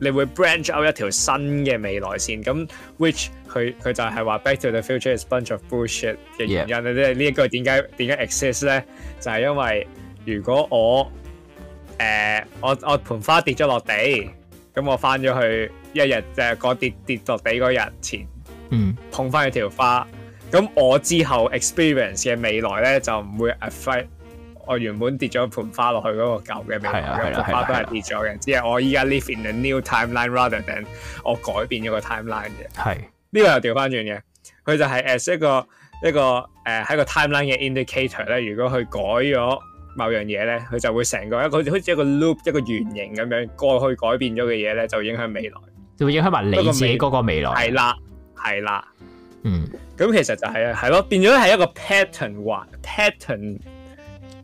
你會 branch out 一條新嘅未來線，咁 which 佢佢就係話《Back to the Future》is bunch of bullshit 嘅原因咧，即係 Yeah. 呢一個點解點解 exist 咧，就係、是、因為如果我誒、呃、我我盆花跌咗落地，咁我翻咗去一日誒個跌跌落地嗰日前，嗯碰翻佢條花，咁我之後 experience 嘅未來咧就唔會 affect 我原本跌咗盆花落去嗰個舊嘅未來，個盆花都係跌咗嘅。只係我依家 live in a new timeline rather than 我改變咗是個 timeline 嘅。係呢個又調翻轉嘅，佢就係 as 一個一個誒喺、呃、個 timeline 嘅 indicator 咧。如果佢改咗某樣嘢咧，佢就會成個一個好似一個 loop 一個圓形咁樣過去改變咗嘅嘢咧，就影響未來。就會影響埋你自己嗰個未來。係啦，係啦。嗯，咁其實就係係咯，變咗係一個 pattern，環 pattern 環 pattern。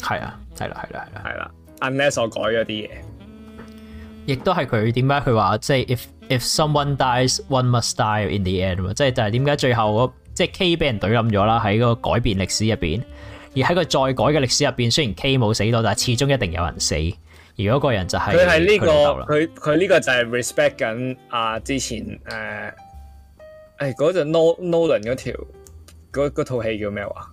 係啊，係啦，係啦，係啦，係啦。Unless 我改咗啲嘢，亦都係佢點解佢話即係 if if someone dies, one must die in the end。即係就係點解最後個即係 K 俾人懟冧咗啦，喺個改變歷史入邊。而喺佢再改嘅歷史入邊，雖然 K 冇死到，但係始終一定有人死。而果個人就係佢係呢個，佢佢呢個就係 respect 緊啊、uh, 之前誒誒嗰陣 No Nolan 嗰條嗰套戲叫咩話？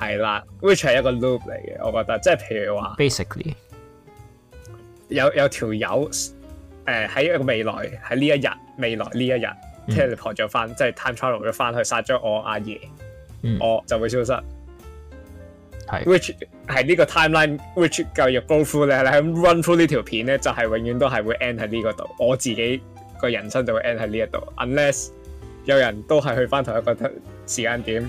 係啦，which 係一個 loop 嚟嘅，我覺得，即係譬如話，basically 有有條友誒喺一個未來喺呢一日未來呢一日，mm.，teleport 咗翻，即、就、係、是、time travel 咗翻去殺咗我阿、啊、爺，mm. 我就會消失。係，which 係呢個 timeline，which 繼續 go through 咧，你喺 run through 呢條片咧，就係、是、永遠都係會 end 喺呢個度。我自己個人生就會 end 喺呢一度，unless 有人都係去翻同一個時間點。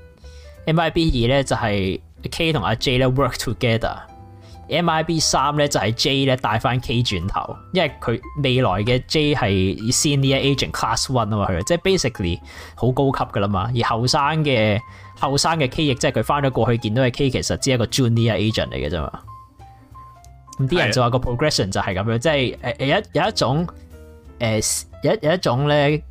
MIB 二咧就係、是、K 同阿 J 咧 work together，MIB 三咧就係、是、J 咧帶翻 K 轉頭，因為佢未來嘅 J 係以 senior agent class one 啊嘛，佢即係 basically 好高級㗎喇嘛，而後生嘅後生嘅 K 亦即係佢翻咗過去見到嘅 K 其實只係一個 junior agent 嚟嘅啫嘛，咁啲人就話個 progression 就係咁樣，的即係誒有一有，一有一種誒、呃、有一有，一有一種咧。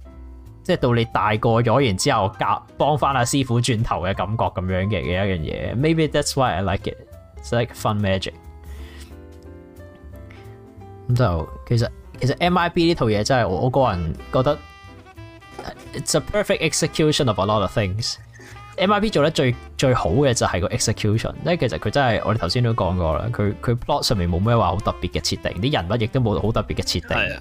即係到你大個咗，然之後夾幫翻阿師傅轉頭嘅感覺咁樣嘅嘅一樣嘢。Maybe that's why I like it. It's like fun magic。咁就其實其實 MIB 呢套嘢真係我個人覺得，it's a perfect execution of a lot of things。MIB 做得最最好嘅就係個 execution。因為其實佢真係我哋頭先都講過啦，佢佢 plot 上面冇咩話好特別嘅設定，啲人物亦都冇好特別嘅設定。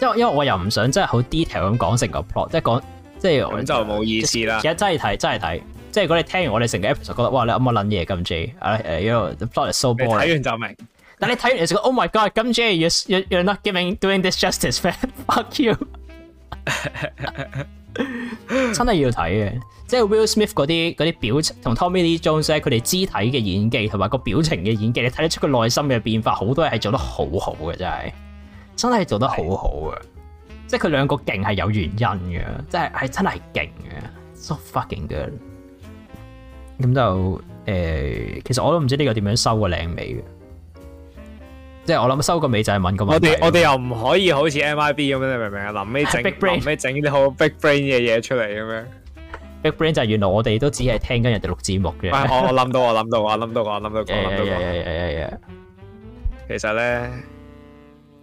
因為因為我又唔想真係好 detail 咁講成個 plot，即係講即係，咁就冇意思啦。其實真係睇真係睇，即係如果你聽完我哋成個 episode 覺得哇，你咁啊，諗乜嘢咁 J，啊，你，The plot is so boring。睇完就明。但你睇完就講，Oh my God，咁 J，you you you're not giving doing this justice，fuck you。真係要睇嘅，即係 Will Smith 嗰啲嗰啲表情，同 Tommy Lee Jones 咧，佢哋肢體嘅演技，同埋個表情嘅演技，你睇得出佢內心嘅變化，好多嘢係做得好好嘅，真係。真係做得好好啊！是的 即係佢兩個勁係有原因嘅，即係係真係勁嘅，so fucking good。咁就誒、欸，其實我都唔知呢個點樣收個靚尾嘅，即、就、係、是、我諗收個尾就係問個問題。我哋我哋又唔可以好似 MIB 咁樣，你明唔明啊？臨尾整整啲好 big brain 嘅嘢出嚟咁樣？Big brain 就係原來我哋都只係聽緊人哋錄字幕嘅。我諗到，我諗到，我諗到，我諗到，我諗到，我諗到。其實咧。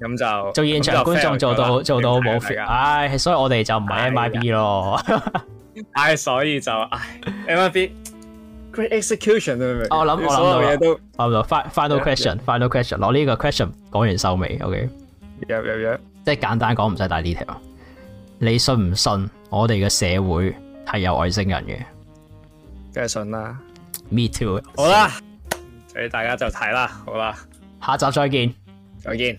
咁就做現場觀眾做到做到冇 feel 啊！唉，所以我哋就唔係 MIB 咯。唉，所以就唉，MIB great execution 我諗我諗到嘢都，final question，final question，攞呢個 question 講完收尾。OK，樣樣樣，即係簡單講，唔使帶 detail。你信唔信我哋嘅社會係有外星人嘅？梗係信啦。Me too。好啦，所以大家就睇啦，好啦，下集再見，再見。